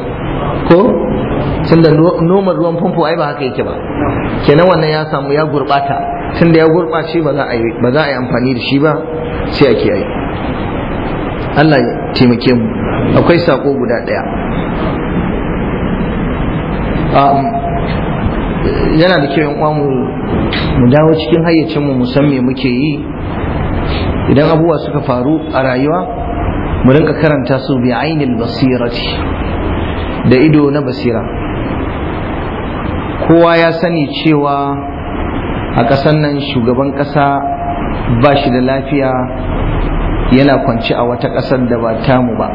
A: ko tunda noman ruwan famfo ai ba haka yake ba kenan wannan ya samu ya gurbata tunda ya gurbace ba za a yi ba za a yi amfani da shi ba sai a yi. Allah ya taimake mu akwai sako guda daya um, yana da kyau uwa mu dawo cikin hayyacin mu musamman muke yi idan abubuwa suka faru a rayuwa mu rinka karanta su bi ainil basirati da ido na basira kowa ya sani cewa a ƙasar nan shugaban ƙasa ba shi da lafiya yana kwanci a wata ƙasar da ba tamu ba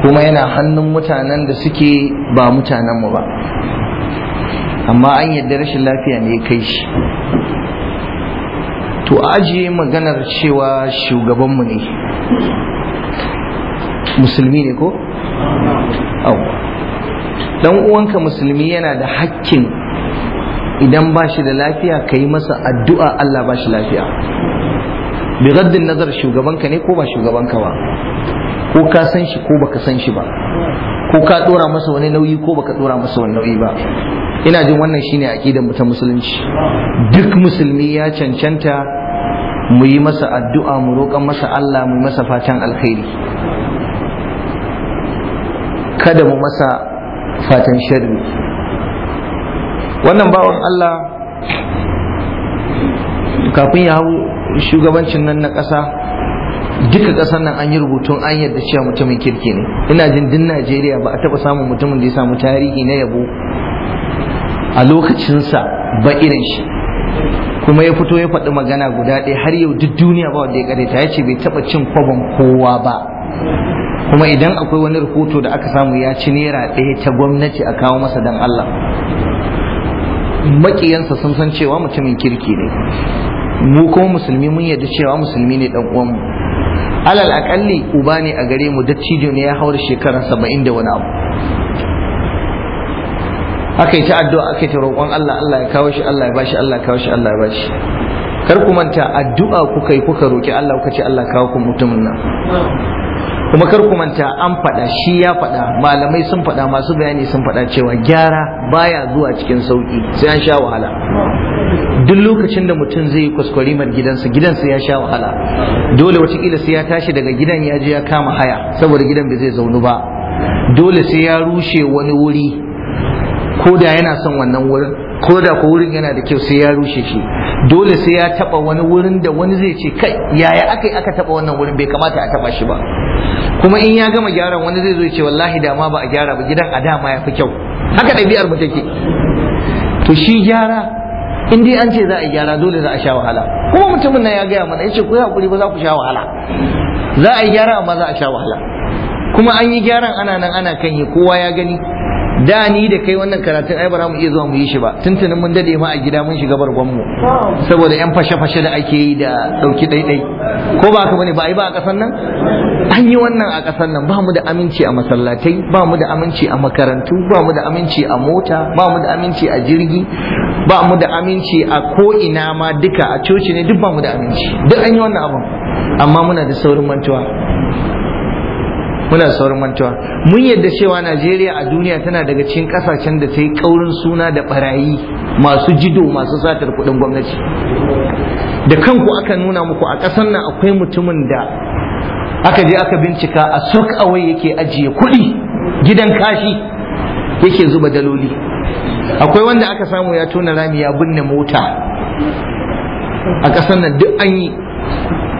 A: kuma yana hannun mutanen da suke ba mutanenmu ba amma an yadda rashin lafiya ne kai shi to ajiye maganar cewa shugabanmu ne musulmi ne ko? dan uwanka musulmi yana da hakkin idan ba shi da lafiya ka yi masa addu'a Allah ba shi lafiya bi gaddin nazar shugabanka ne ko ba shugabanka ba ko ka san shi ko baka san shi ba ko ka dora masa wani nauyi ko baka dora masa wani nauyi ba ina jin wannan shine aqidar mu ta musulunci duk musulmi ya cancanta mu yi masa addu'a mu roƙon masa Allah mu masa fatan alkhairi kada mu masa fatan sharri wannan bawan Allah kafin ya hau shugabancin nan na ƙasa duka ƙasar nan an yi rubutun an yadda cewa mutumin kirki ne ina jin din Najeriya ba a taɓa samun mutumin da ya samu tarihi na yabo a lokacinsa ba irin shi kuma ya fito ya faɗi magana guda ɗaya har yau duk duniya ba wanda ya kareta ya ce bai taɓa cin kwabon kowa ba kuma idan akwai wani rahoto da aka samu ya ci naira ɗaya ta gwamnati a kawo masa dan Allah makiyansa sun san cewa mutumin kirki ne mu kuma musulmi mun yarda cewa musulmi ne dan mu. alal akalli uba ne a gare mu dattijo ne ya haura shekara saba'in da wani abu aka yi ta addu'a aka yi ta roƙon Allah Allah ya kawo shi Allah ya bashi Allah ya kawo shi Allah ya bashi kar ku manta addu'a kuka yi kuka roƙi Allah kuka ce Allah kawo ku mutumin nan kuma kar ku manta an faɗa shi ya faɗa malamai sun faɗa masu bayani sun faɗa cewa gyara baya zuwa cikin sauƙi sai an sha wahala duk lokacin da mutum zai yi kuskure mai gidansa gidansa ya sha wahala dole watakila sai ya tashi daga gidan ya je ya kama haya saboda gidan bai zai zaunu ba dole sai ya rushe wani wuri ko da yana son wannan wurin ko da ko wurin yana da kyau sai ya rushe shi dole sai ya taba wani wurin da wani zai ce kai yaya aka yi aka taba wannan wurin bai kamata a taba shi ba kuma in ya gama gyaran wani zai zo ya ce wallahi da ma ba a gyara ba gidan a dama ya fi kyau haka ɗabi'ar mu take to shi gyara in dai an ce za a yi gyara dole za a sha wahala kuma mutumin nan ya gaya mana ya ce ku yi hakuri ba za ku sha wahala za a yi gyara amma za a sha wahala kuma an yi gyaran ana nan ana kan yi kowa ya gani da ni da kai wannan karatun ai ba mu iya zuwa mu yi shi ba tuntunin mun dade ma a gida mun shiga bargon mu saboda yan fashe-fashe da ake yi da dauki daidai ko ba ka bane ba ai ba a kasan nan an yi wannan a kasan nan ba mu da aminci a masallatai ba mu da aminci a makarantu ba mu da aminci a mota ba mu da aminci a jirgi ba mu da aminci a ko ina ma duka a coci ne duk ba mu da aminci duk an yi wannan abin amma muna da saurin mantuwa muna saurin mantuwa mun yadda cewa najeriya a duniya tana daga cikin kasashen da ta yi kaurin suna da barayi masu jido masu satar kudin gwamnati da kanku aka nuna muku a kasan nan akwai mutumin da aka je aka bincika a sok awai yake ajiye kuɗi gidan kashi yake zuba daloli akwai wanda aka samu ya tona rami ya binne mota a kasan nan duk an yi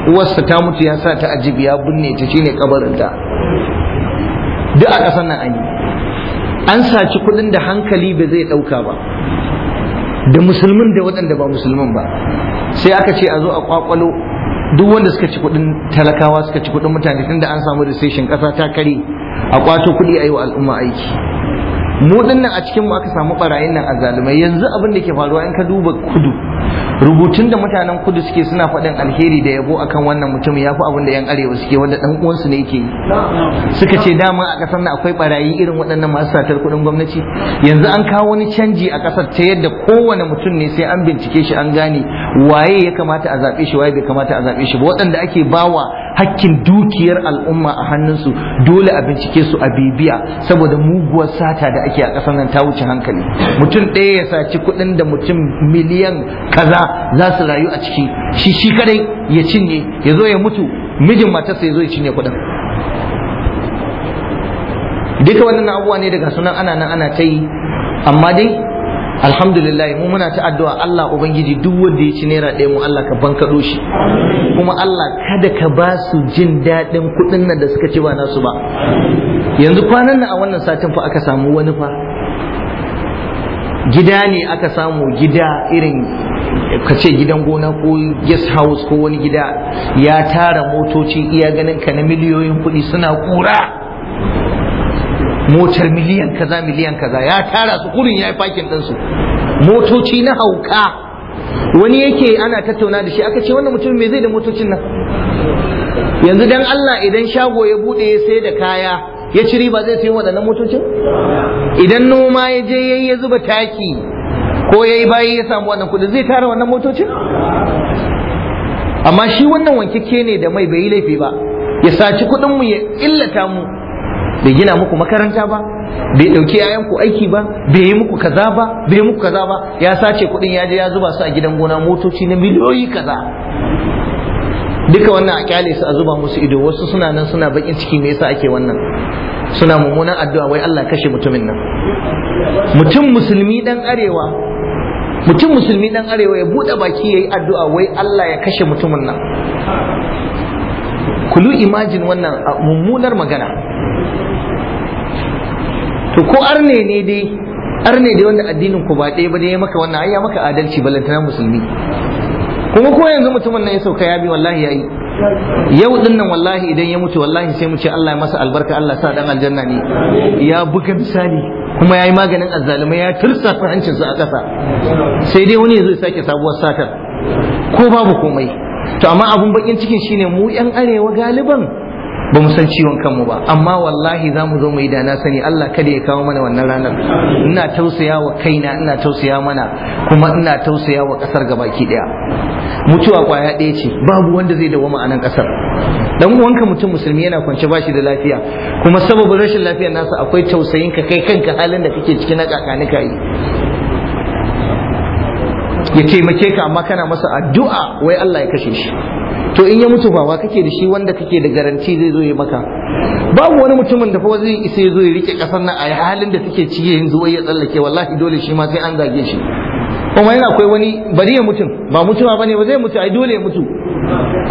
A: uwarsa ta mutu ya sa ta ajibi ya binne ta shine kabarinta duk a ƙasar nan an yi an saci kuɗin da hankali ba zai ɗauka ba da musulmin da waɗanda ba musulmin ba sai aka ce a zo a kwakwalo duk wanda suka ci kuɗin talakawa suka ci kuɗin mutane tunda an samu recession ƙasa ta kare a kwato kuɗi a yi wa al'umma aiki mu nan a cikin mu aka samu barayin nan a yanzu abin da ke faruwa in ka duba kudu rubutun da mutanen kudu suke suna faɗin alheri da yabo akan wannan mutum ya fi abin da yan arewa suke wanda dan uwansu ne yake suka ce dama a ƙasar na akwai barayi irin waɗannan masu satar kuɗin gwamnati yanzu an kawo wani canji a ƙasar ta yadda kowane mutum ne sai an bincike shi an gane waye ya kamata a zaɓe shi waye bai kamata a zaɓe shi ba waɗanda ake bawa hakkin dukiyar al'umma a hannunsu dole a bincike su a bibiya saboda muguwar sata da ake a ƙasar nan ta wuce hankali mutum ɗaya ya saci kuɗin da mutum miliyan kaza za su rayu a ciki shi shi kadai ya cinye ya zo ya mutu mijin matarsa ya zo ya cinye kuɗin duka wannan abubuwa ne daga sunan ana nan ana ta yi amma dai alhamdulillah mu muna ta addu'a Allah ubangiji duk wanda ya ci naira ɗaya mu Allah ka bankaɗo shi kuma Allah kada ka ba su jin daɗin kuɗin nan da suka ci ba nasu ba yanzu kwanan nan a wannan satin fa aka samu wani fa gida ne aka samu gida irin ka ce gidan gona ko guest house ko wani gida ya tara motoci iya ganin ka na miliyoyin kuɗi suna kura motar miliyan kaza miliyan kaza ya tara su kurin ya yi fakin ɗansu motoci na hauka wani yake ana tattauna da shi aka ce wannan mutum me zai da motocin nan yanzu dan Allah idan shago ya bude ya sai da kaya ya ci riba zai sayi waɗannan motocin idan noma ya je yayi ya zuba taki ko yayi bayi ya samu wannan kuɗi zai tara wannan motocin amma shi wannan wankeke ne da mai bai laifi ba ya saci kuɗin ya illata mu bai gina muku makaranta ba bai ɗauki yayan ku aiki ba bai yi muku kaza ba bai yi muku kaza ba ya sace kuɗin ya je ya zuba su a gidan gona motoci na miliyoyi kaza duka wannan a kyale su a zuba musu ido wasu suna nan suna bakin ciki me yasa ake wannan suna mummunan addu'a wai Allah kashe mutumin nan mutum musulmi dan arewa mutum musulmi dan arewa ya bude baki yayi addu'a wai Allah ya kashe mutumin nan kulu imajin wannan mummunar magana to ko arne ne dai arne dai wanda addinin ku ba ɗaya ba dai ya maka wannan ayya maka adalci ballantana musulmi kuma ko yanzu mutumin nan ya sauka ya bi wallahi yayi yau din nan wallahi idan ya mutu wallahi sai mu ce Allah ya masa albarka Allah sa dan aljanna ne ya buga misali kuma yayi maganin azzalima ya tursa hancin su a ƙasa sai dai wani zai sake sabuwar satar ko babu komai to amma abun bakin cikin shine mu yan arewa galiban ba mu san ciwon kanmu ba amma wallahi za mu zo mu dana sani Allah kada ya kawo mana wannan ranar ina tausaya wa kaina ina tausaya mana kuma ina tausaya wa kasar gabaki daya mutuwa kwaya ɗaya ce babu wanda zai dawama a nan kasar dan uwanka mutum musulmi yana kwance bashi da lafiya kuma sababin rashin lafiyar nasa akwai tausayin ka kai kanka halin da kake ciki na kakanika yi ya taimake ka amma kana masa addu'a wai Allah ya kashe shi to in ya mutu ba kake da shi wanda kake da garanti zai zo ya maka babu wani mutumin da fa zai isa ya zo ya rike kasar nan a halin da take ciye yin wai ya tsallake wallahi dole shi ma sai an zage shi kuma yana akwai wani bari ya mutum ba mutuwa bane ba zai mutu ai dole ya mutu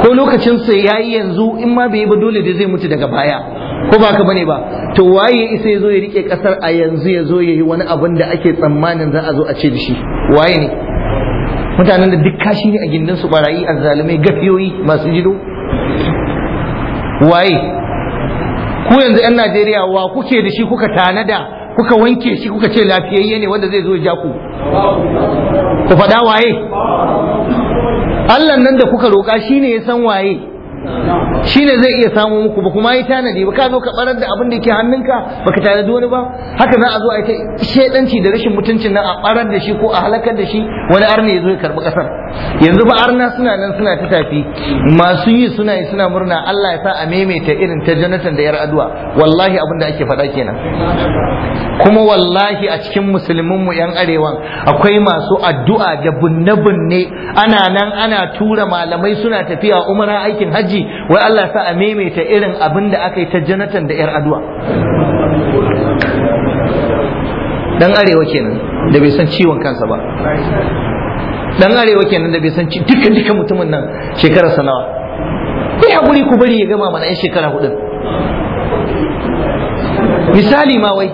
A: ko lokacin sa yayi yanzu in ma bai yi ba dole da zai mutu daga baya ko ba ka bane ba to waye isa ya zo ya rike kasar a yanzu ya zo ya yi wani abin da ake tsammanin za a zo a ce da shi waye ne mutanen da duk kashi ne a gindinsu barayi azzalumai gafiyoyi masu jido waye ku yanzu 'yan najeriya wa kuke da shi kuka tanada kuka wanke shi kuka ce lafiyayye ne wanda zai zo ya ku ku faɗa waye allah nan da kuka roƙa shi ne ya san waye Shi ne zai iya samu muku ba kuma yi tanadi ba ka zo ka barar da abin da yake hannunka ba baka tanadi wani ba haka za a zo a yi ta shedanci da rashin mutuncin nan a barar da shi ko a halakar da shi wani arne ya zo ya karɓi ƙasar. yanzu ba arna suna nan suna ta tafi masu yi suna yi suna murna Allah ya sa a maimaita irin ta janatan da yar adu'a, wallahi abin da ake faɗa kenan kuma wallahi a cikin musulmin mu yan arewan akwai masu addu'a da binne-binne, ana nan ana tura malamai suna tafiya umara aikin haji wai Allah ya sa a maimaita irin abin da aka yi ta janatan da yar adu'a. dan arewa kenan da bai san ciwon kansa ba dan arewa kenan da bai san ci dukkan dukkan mutumin nan shekara sanawa bai hakuri ku bari ya gama mana yan shekara hudu misali ma wai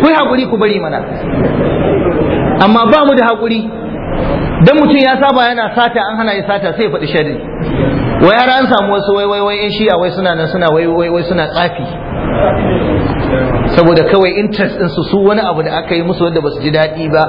A: kai hakuri ku bari mana amma ba mu da hakuri dan mutum ya saba yana sata an hana ya sata sai ya faɗi shari Wa yara an samu wasu wai wai wai yan shi wai suna nan suna wai wai wai suna tsafi saboda kawai interest ɗinsu su wani abu da aka yi musu wanda ba su ji daɗi ba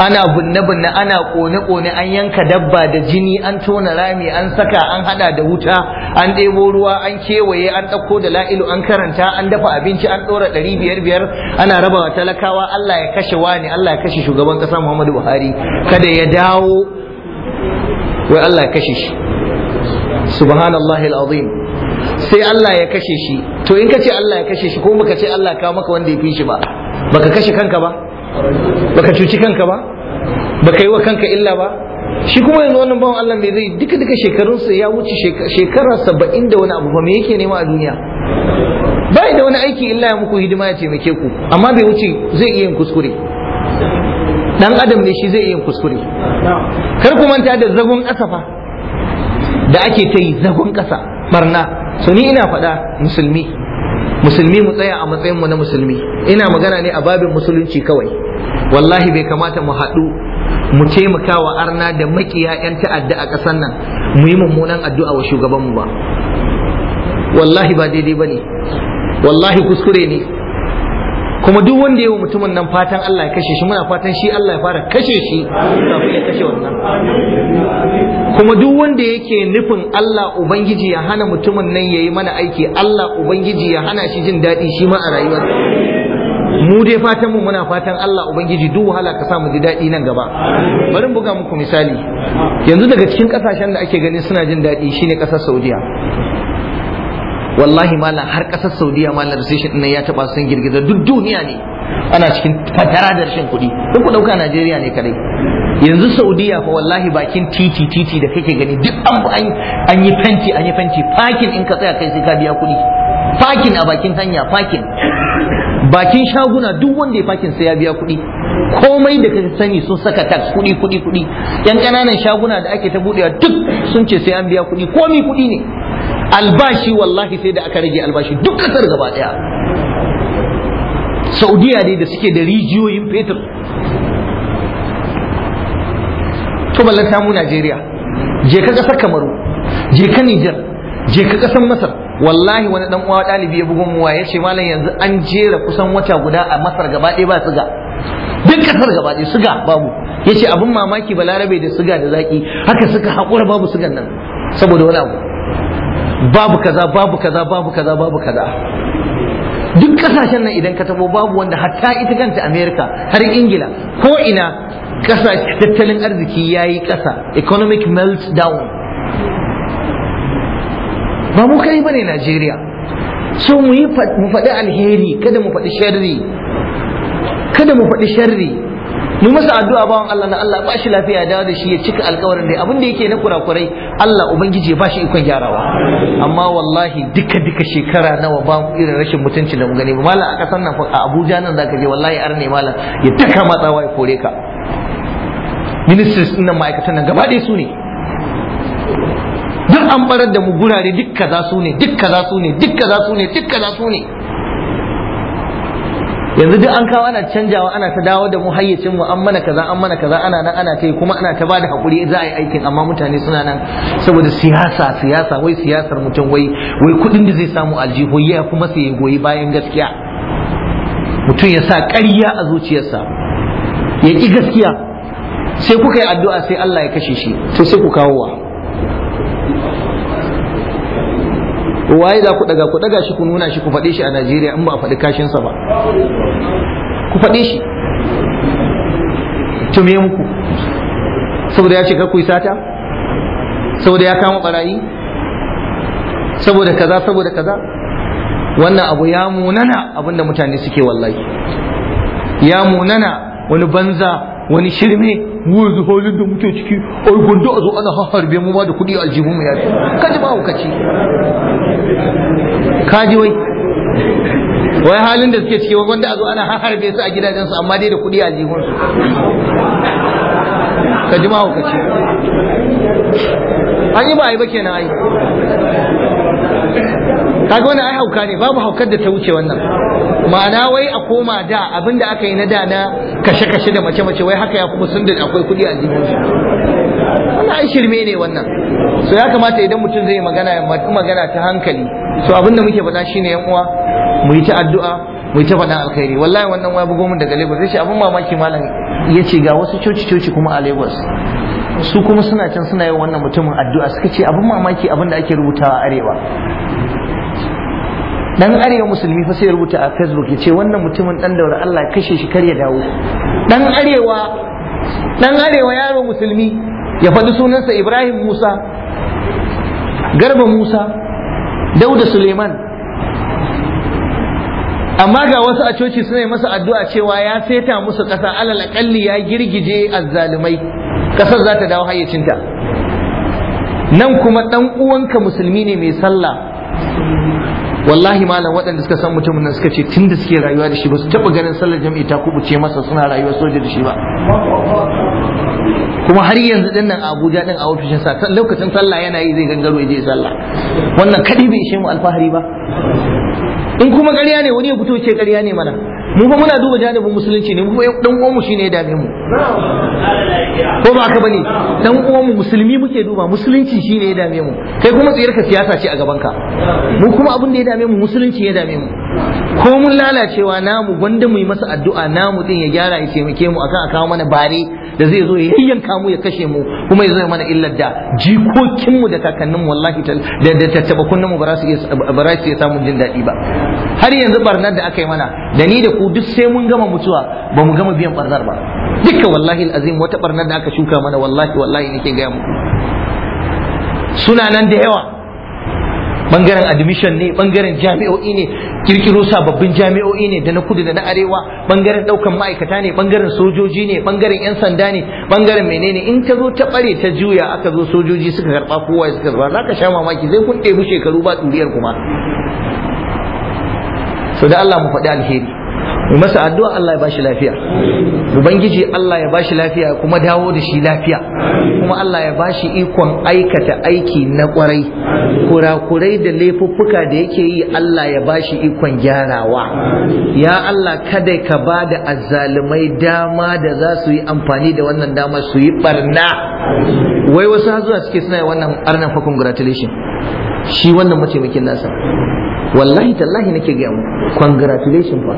A: ana bunne-bunne ana kone-kone an yanka dabba da jini an tona rami an saka an hada da wuta an ɗebo ruwa an kewaye an ɗauko da la'ilu an karanta an dafa abinci an ɗora ɗari biyar biyar ana wa talakawa Allah ya kashe wani Allah ya kashe shugaban ƙasa Muhammadu Buhari kada ya dawo wai Allah ya kashe shi subhanallahi alazim sai Allah ya kashe shi to in ka ce Allah ya kashe shi ko baka ce Allah ka maka wanda ya fi shi ba baka kashe kanka ba baka cuci kanka ba baka yi wa kanka illa ba shi kuma yanzu wannan bawan Allah mai zai duka duka shekarunsa ya wuce shekara saba'in da wani abu ba me yake nema a duniya bai da wani aiki illa ya muku hidima ya taimake ku amma bai wuce zai iya yin kuskure dan adam ne shi zai iya yin kuskure kar ku manta da zagon ƙasa fa da ake ta yi zagon kasa barna so ni ina faɗa musulmi musulmi mu tsaya a matsayin mu na musulmi ina magana ne a babin musulunci kawai wallahi bai kamata mu haɗu mu taimaka wa arna da makiya 'yan ta'adda a ƙasar nan mu yi mummunan addu'a wa shugabanmu ba wallahi ba daidai ba ne wallahi kuskure ne kuma duk wanda wa mutumin nan fatan Allah ya kashe shi muna fatan shi Allah ya fara kashe shi kafin ya kashe wannan kuma duk wanda yake nufin Allah ubangiji ya hana mutumin nan ya yi mana aiki Allah ubangiji ya hana shi jin daɗi shi ma a rayuwar mu dai fatan mu muna fatan Allah ubangiji duk wahala ka samu ji daɗi nan gaba bari buga muku misali yanzu daga cikin ƙasashen da ake ganin suna jin daɗi shine ƙasar Saudiya wallahi mallam har kasar saudiya malam recession ɗin ya taɓa sun girgiza duk duniya ne ana cikin fatara da rashin kuɗi duk ku ɗauka najeriya ne kadai yanzu saudiya fa wallahi bakin titi titi da kake gani duk an an yi fenti an yi fenti fakin in ka tsaya kai sai ka biya kuɗi fakin a bakin hanya fakin bakin shaguna duk wanda ya fakin sai ya biya kuɗi komai da ka sani sun saka tax kuɗi kuɗi kuɗi yan ƙananan shaguna da ake ta buɗewa duk sun ce sai an biya kuɗi komai kuɗi ne albashi wallahi sai da aka rage albashi duk kasar gaba daya saudiya ne da suke da rijiyoyin fetur to ballan samu najeriya je ka kasar kamaru je ka nijar je ka kasar masar wallahi wani dan uwa dalibi ya bugun muwa ya ce malam yanzu an jera kusan wata guda a masar gaba daya ba ga. duk kasar gaba ɗaya siga babu ya ce abin mamaki balarabe da suga da zaki haka suka haƙura babu sugan nan saboda wani abu babu kaza babu kaza babu kaza babu kaza duk kasashen nan idan ka tabo babu wanda hatta ita kanta america har ingila ko ina kasa tattalin arziki yayi kasa economic meltdown ba mu kai ba ne najeriya so mu faɗi alheri kada mu faɗi sharri kada mu faɗi sharri mu masa addu'a bawan Allah na Allah ba shi lafiya dawo da shi ya cika alkawarin dai abin da yake na kurakurai Allah ubangiji ba shi ikon gyarawa amma wallahi duka duka shekara nawa ba mu irin rashin mutunci da mu gani ba mallam a kasar nan a Abuja nan zaka je wallahi arne Mallan. ya taka matsawa ya kore ka ministers din nan ma'aikatan nan gaba ɗaya su ne duk an barar da mu gurare duk kaza su ne duk kaza su ne duk kaza su ne duk kaza su ne yanzu duk an kawo ana canjawa ana ta dawo da mu mu an mana kaza an mana kaza ana nan ana kai kuma ana ta bada hakuri za a yi aikin amma mutane suna nan saboda siyasa siyasa wai siyasar mutum wai wai kudin da zai samu aljihoyi ya kuma sai ya goyi bayan gaskiya mutum ya sa ƙarya a zuciyarsa ya ki gaskiya sai kuka yi addu'a sai Allah ya kashe shi to sai ku kawo wa waye za ku daga ku daga shi ku nuna shi ku faɗi shi a Najeriya in ba a faɗi kashin sa ba ku faɗi shi tume muku saboda ya ce 'Ka ku yi sata saboda ya kama barayi saboda kaza saboda kaza wannan abu ya munana abinda mutane suke wallahi ya munana wani banza wani shirme mu yanzu halin da muke ciki ai gundu a zo ana harbe mu ma da kuɗi a aljihun mu yafi
B: kaji ba hukaci
A: kaji wai wai halin da suke ciki wanda a zo ana harbe su a gidajen su amma dai da kuɗi a aljihun su kaji ma hukaci an yi ba a yi ba kenan ai kaji wannan ai hauka ne babu haukar da ta wuce wannan ma'ana wai a koma da abinda aka yi na da na kashe-kashe da mace-mace wai haka ya kuma sun da akwai kuɗi a jikinsu
B: wannan
A: ai shirme ne wannan so ya kamata idan mutum zai magana ya magana ta hankali so abin da muke faɗa shine yan uwa mu yi ta addu'a mu yi ta faɗa alkhairi wallahi wannan wai bugo mun daga Lagos ce abin mamaki malam ce ga wasu coci-coci kuma a Lagos su kuma suna can suna yin wannan mutumin addu'a suka ce abin mamaki abin da ake rubutawa arewa dan arewa musulmi fa sai rubuta a facebook ya ce wannan mutumin dan daura Allah kashe shi kar ya dawo
B: dan arewa
A: dan arewa yaro musulmi ya faɗi sunansa Ibrahim Musa Garba Musa Dauda Suleiman amma ga wasu a coci suna masa addu'a cewa ya seta musu ƙasa alal aƙalli ya girgije azzalumai ƙasar za ta dawo hayyacinta nan kuma ɗan uwanka musulmi ne mai sallah wallahi malam waɗanda suka san mutumin nan suka ce tun da suke rayuwa da shi ba su taɓa ganin sallar jam'i ta kubuce masa suna rayuwa soja da shi ba kuma har yanzu dinnan nan Abuja din a ofishin sa lokacin sallah yana yi zai gangaro ya je sallah wannan kadi bai ishe mu alfahari ba in kuma ƙarya ne wani ya fito ce ƙarya ne mana mu fa muna duba janibin musulunci ne mu fa dan uwan mu shine ya dame mu ko ba ka bane dan uwan mu musulmi muke duba musulunci shine ya dame mu kai kuma tsayar ka siyasa ce a gaban ka mu kuma abin da ya dame mu musulunci ya dame mu ko mun lalacewa namu gwanda mu yi masa addu'a namu din ya gyara ya taimake mu akan a kawo mana bare da zai zo ya yayyanka mu ya kashe mu kuma ya zo mana illar da
B: jikokin
A: mu da kakannin mu wallahi da tattabakunnan mu ba za su iya samun jin daɗi ba ba har yanzu barnar da aka yi mana da ni da ku duk sai mun gama mutuwa ba mu gama biyan barnar ba dukka wallahi azim wata barnar da aka shuka mana wallahi wallahi nake gaya muku suna nan da yawa bangaren admission ne bangaren jami'o'i ne kirkiro sababbin jami'o'i ne da na kudu da na arewa bangaren daukan ma'aikata ne bangaren sojoji ne bangaren yan sanda ne bangaren menene in ta zo ta bare ta juya aka zo sojoji suka karba kowa suka karba zaka sha mamaki zai kun mu shekaru ba ɗuriyar kuma so da Allah mu faɗi alheri mu masa addu'a Allah ya bashi lafiya ubangiji Allah ya bashi lafiya kuma dawo da shi lafiya kuma Allah ya bashi ikon aikata aiki na kwarai kurakurai da laifuffuka da yake yi Allah ya bashi ikon gyarawa ya Allah kada ka ba da azzalumai dama da za su yi amfani da wannan dama su yi barna wai wasu har zuwa suke suna wannan arnan fa congratulation shi wannan mataimakin nasa wallahi tallahi nake gaya mu congratulations fa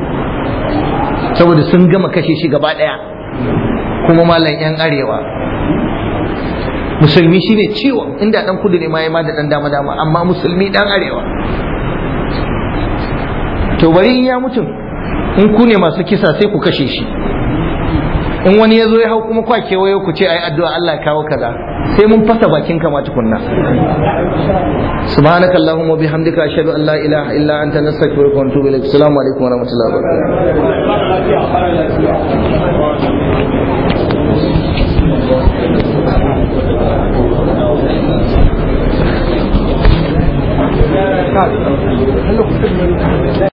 A: saboda sun gama kashe shi gaba daya kuma malam yan arewa musulmi shine ciwon inda dan kudu ne ma ma da dan dama dama amma musulmi dan arewa to bari ya mutum in ku ne masu kisa sai ku kashe shi in wani ya zo ya hau kuma kwa kewaye ku ce ai addu'a Allah kawo kaza sai mun fasa bakin kama tukunna subhanaka allahumma bihamdika ashhadu an la ilaha illa anta nastaghfiruka wa atubu ilayk assalamu alaikum wa rahmatullahi
B: wa barakatuh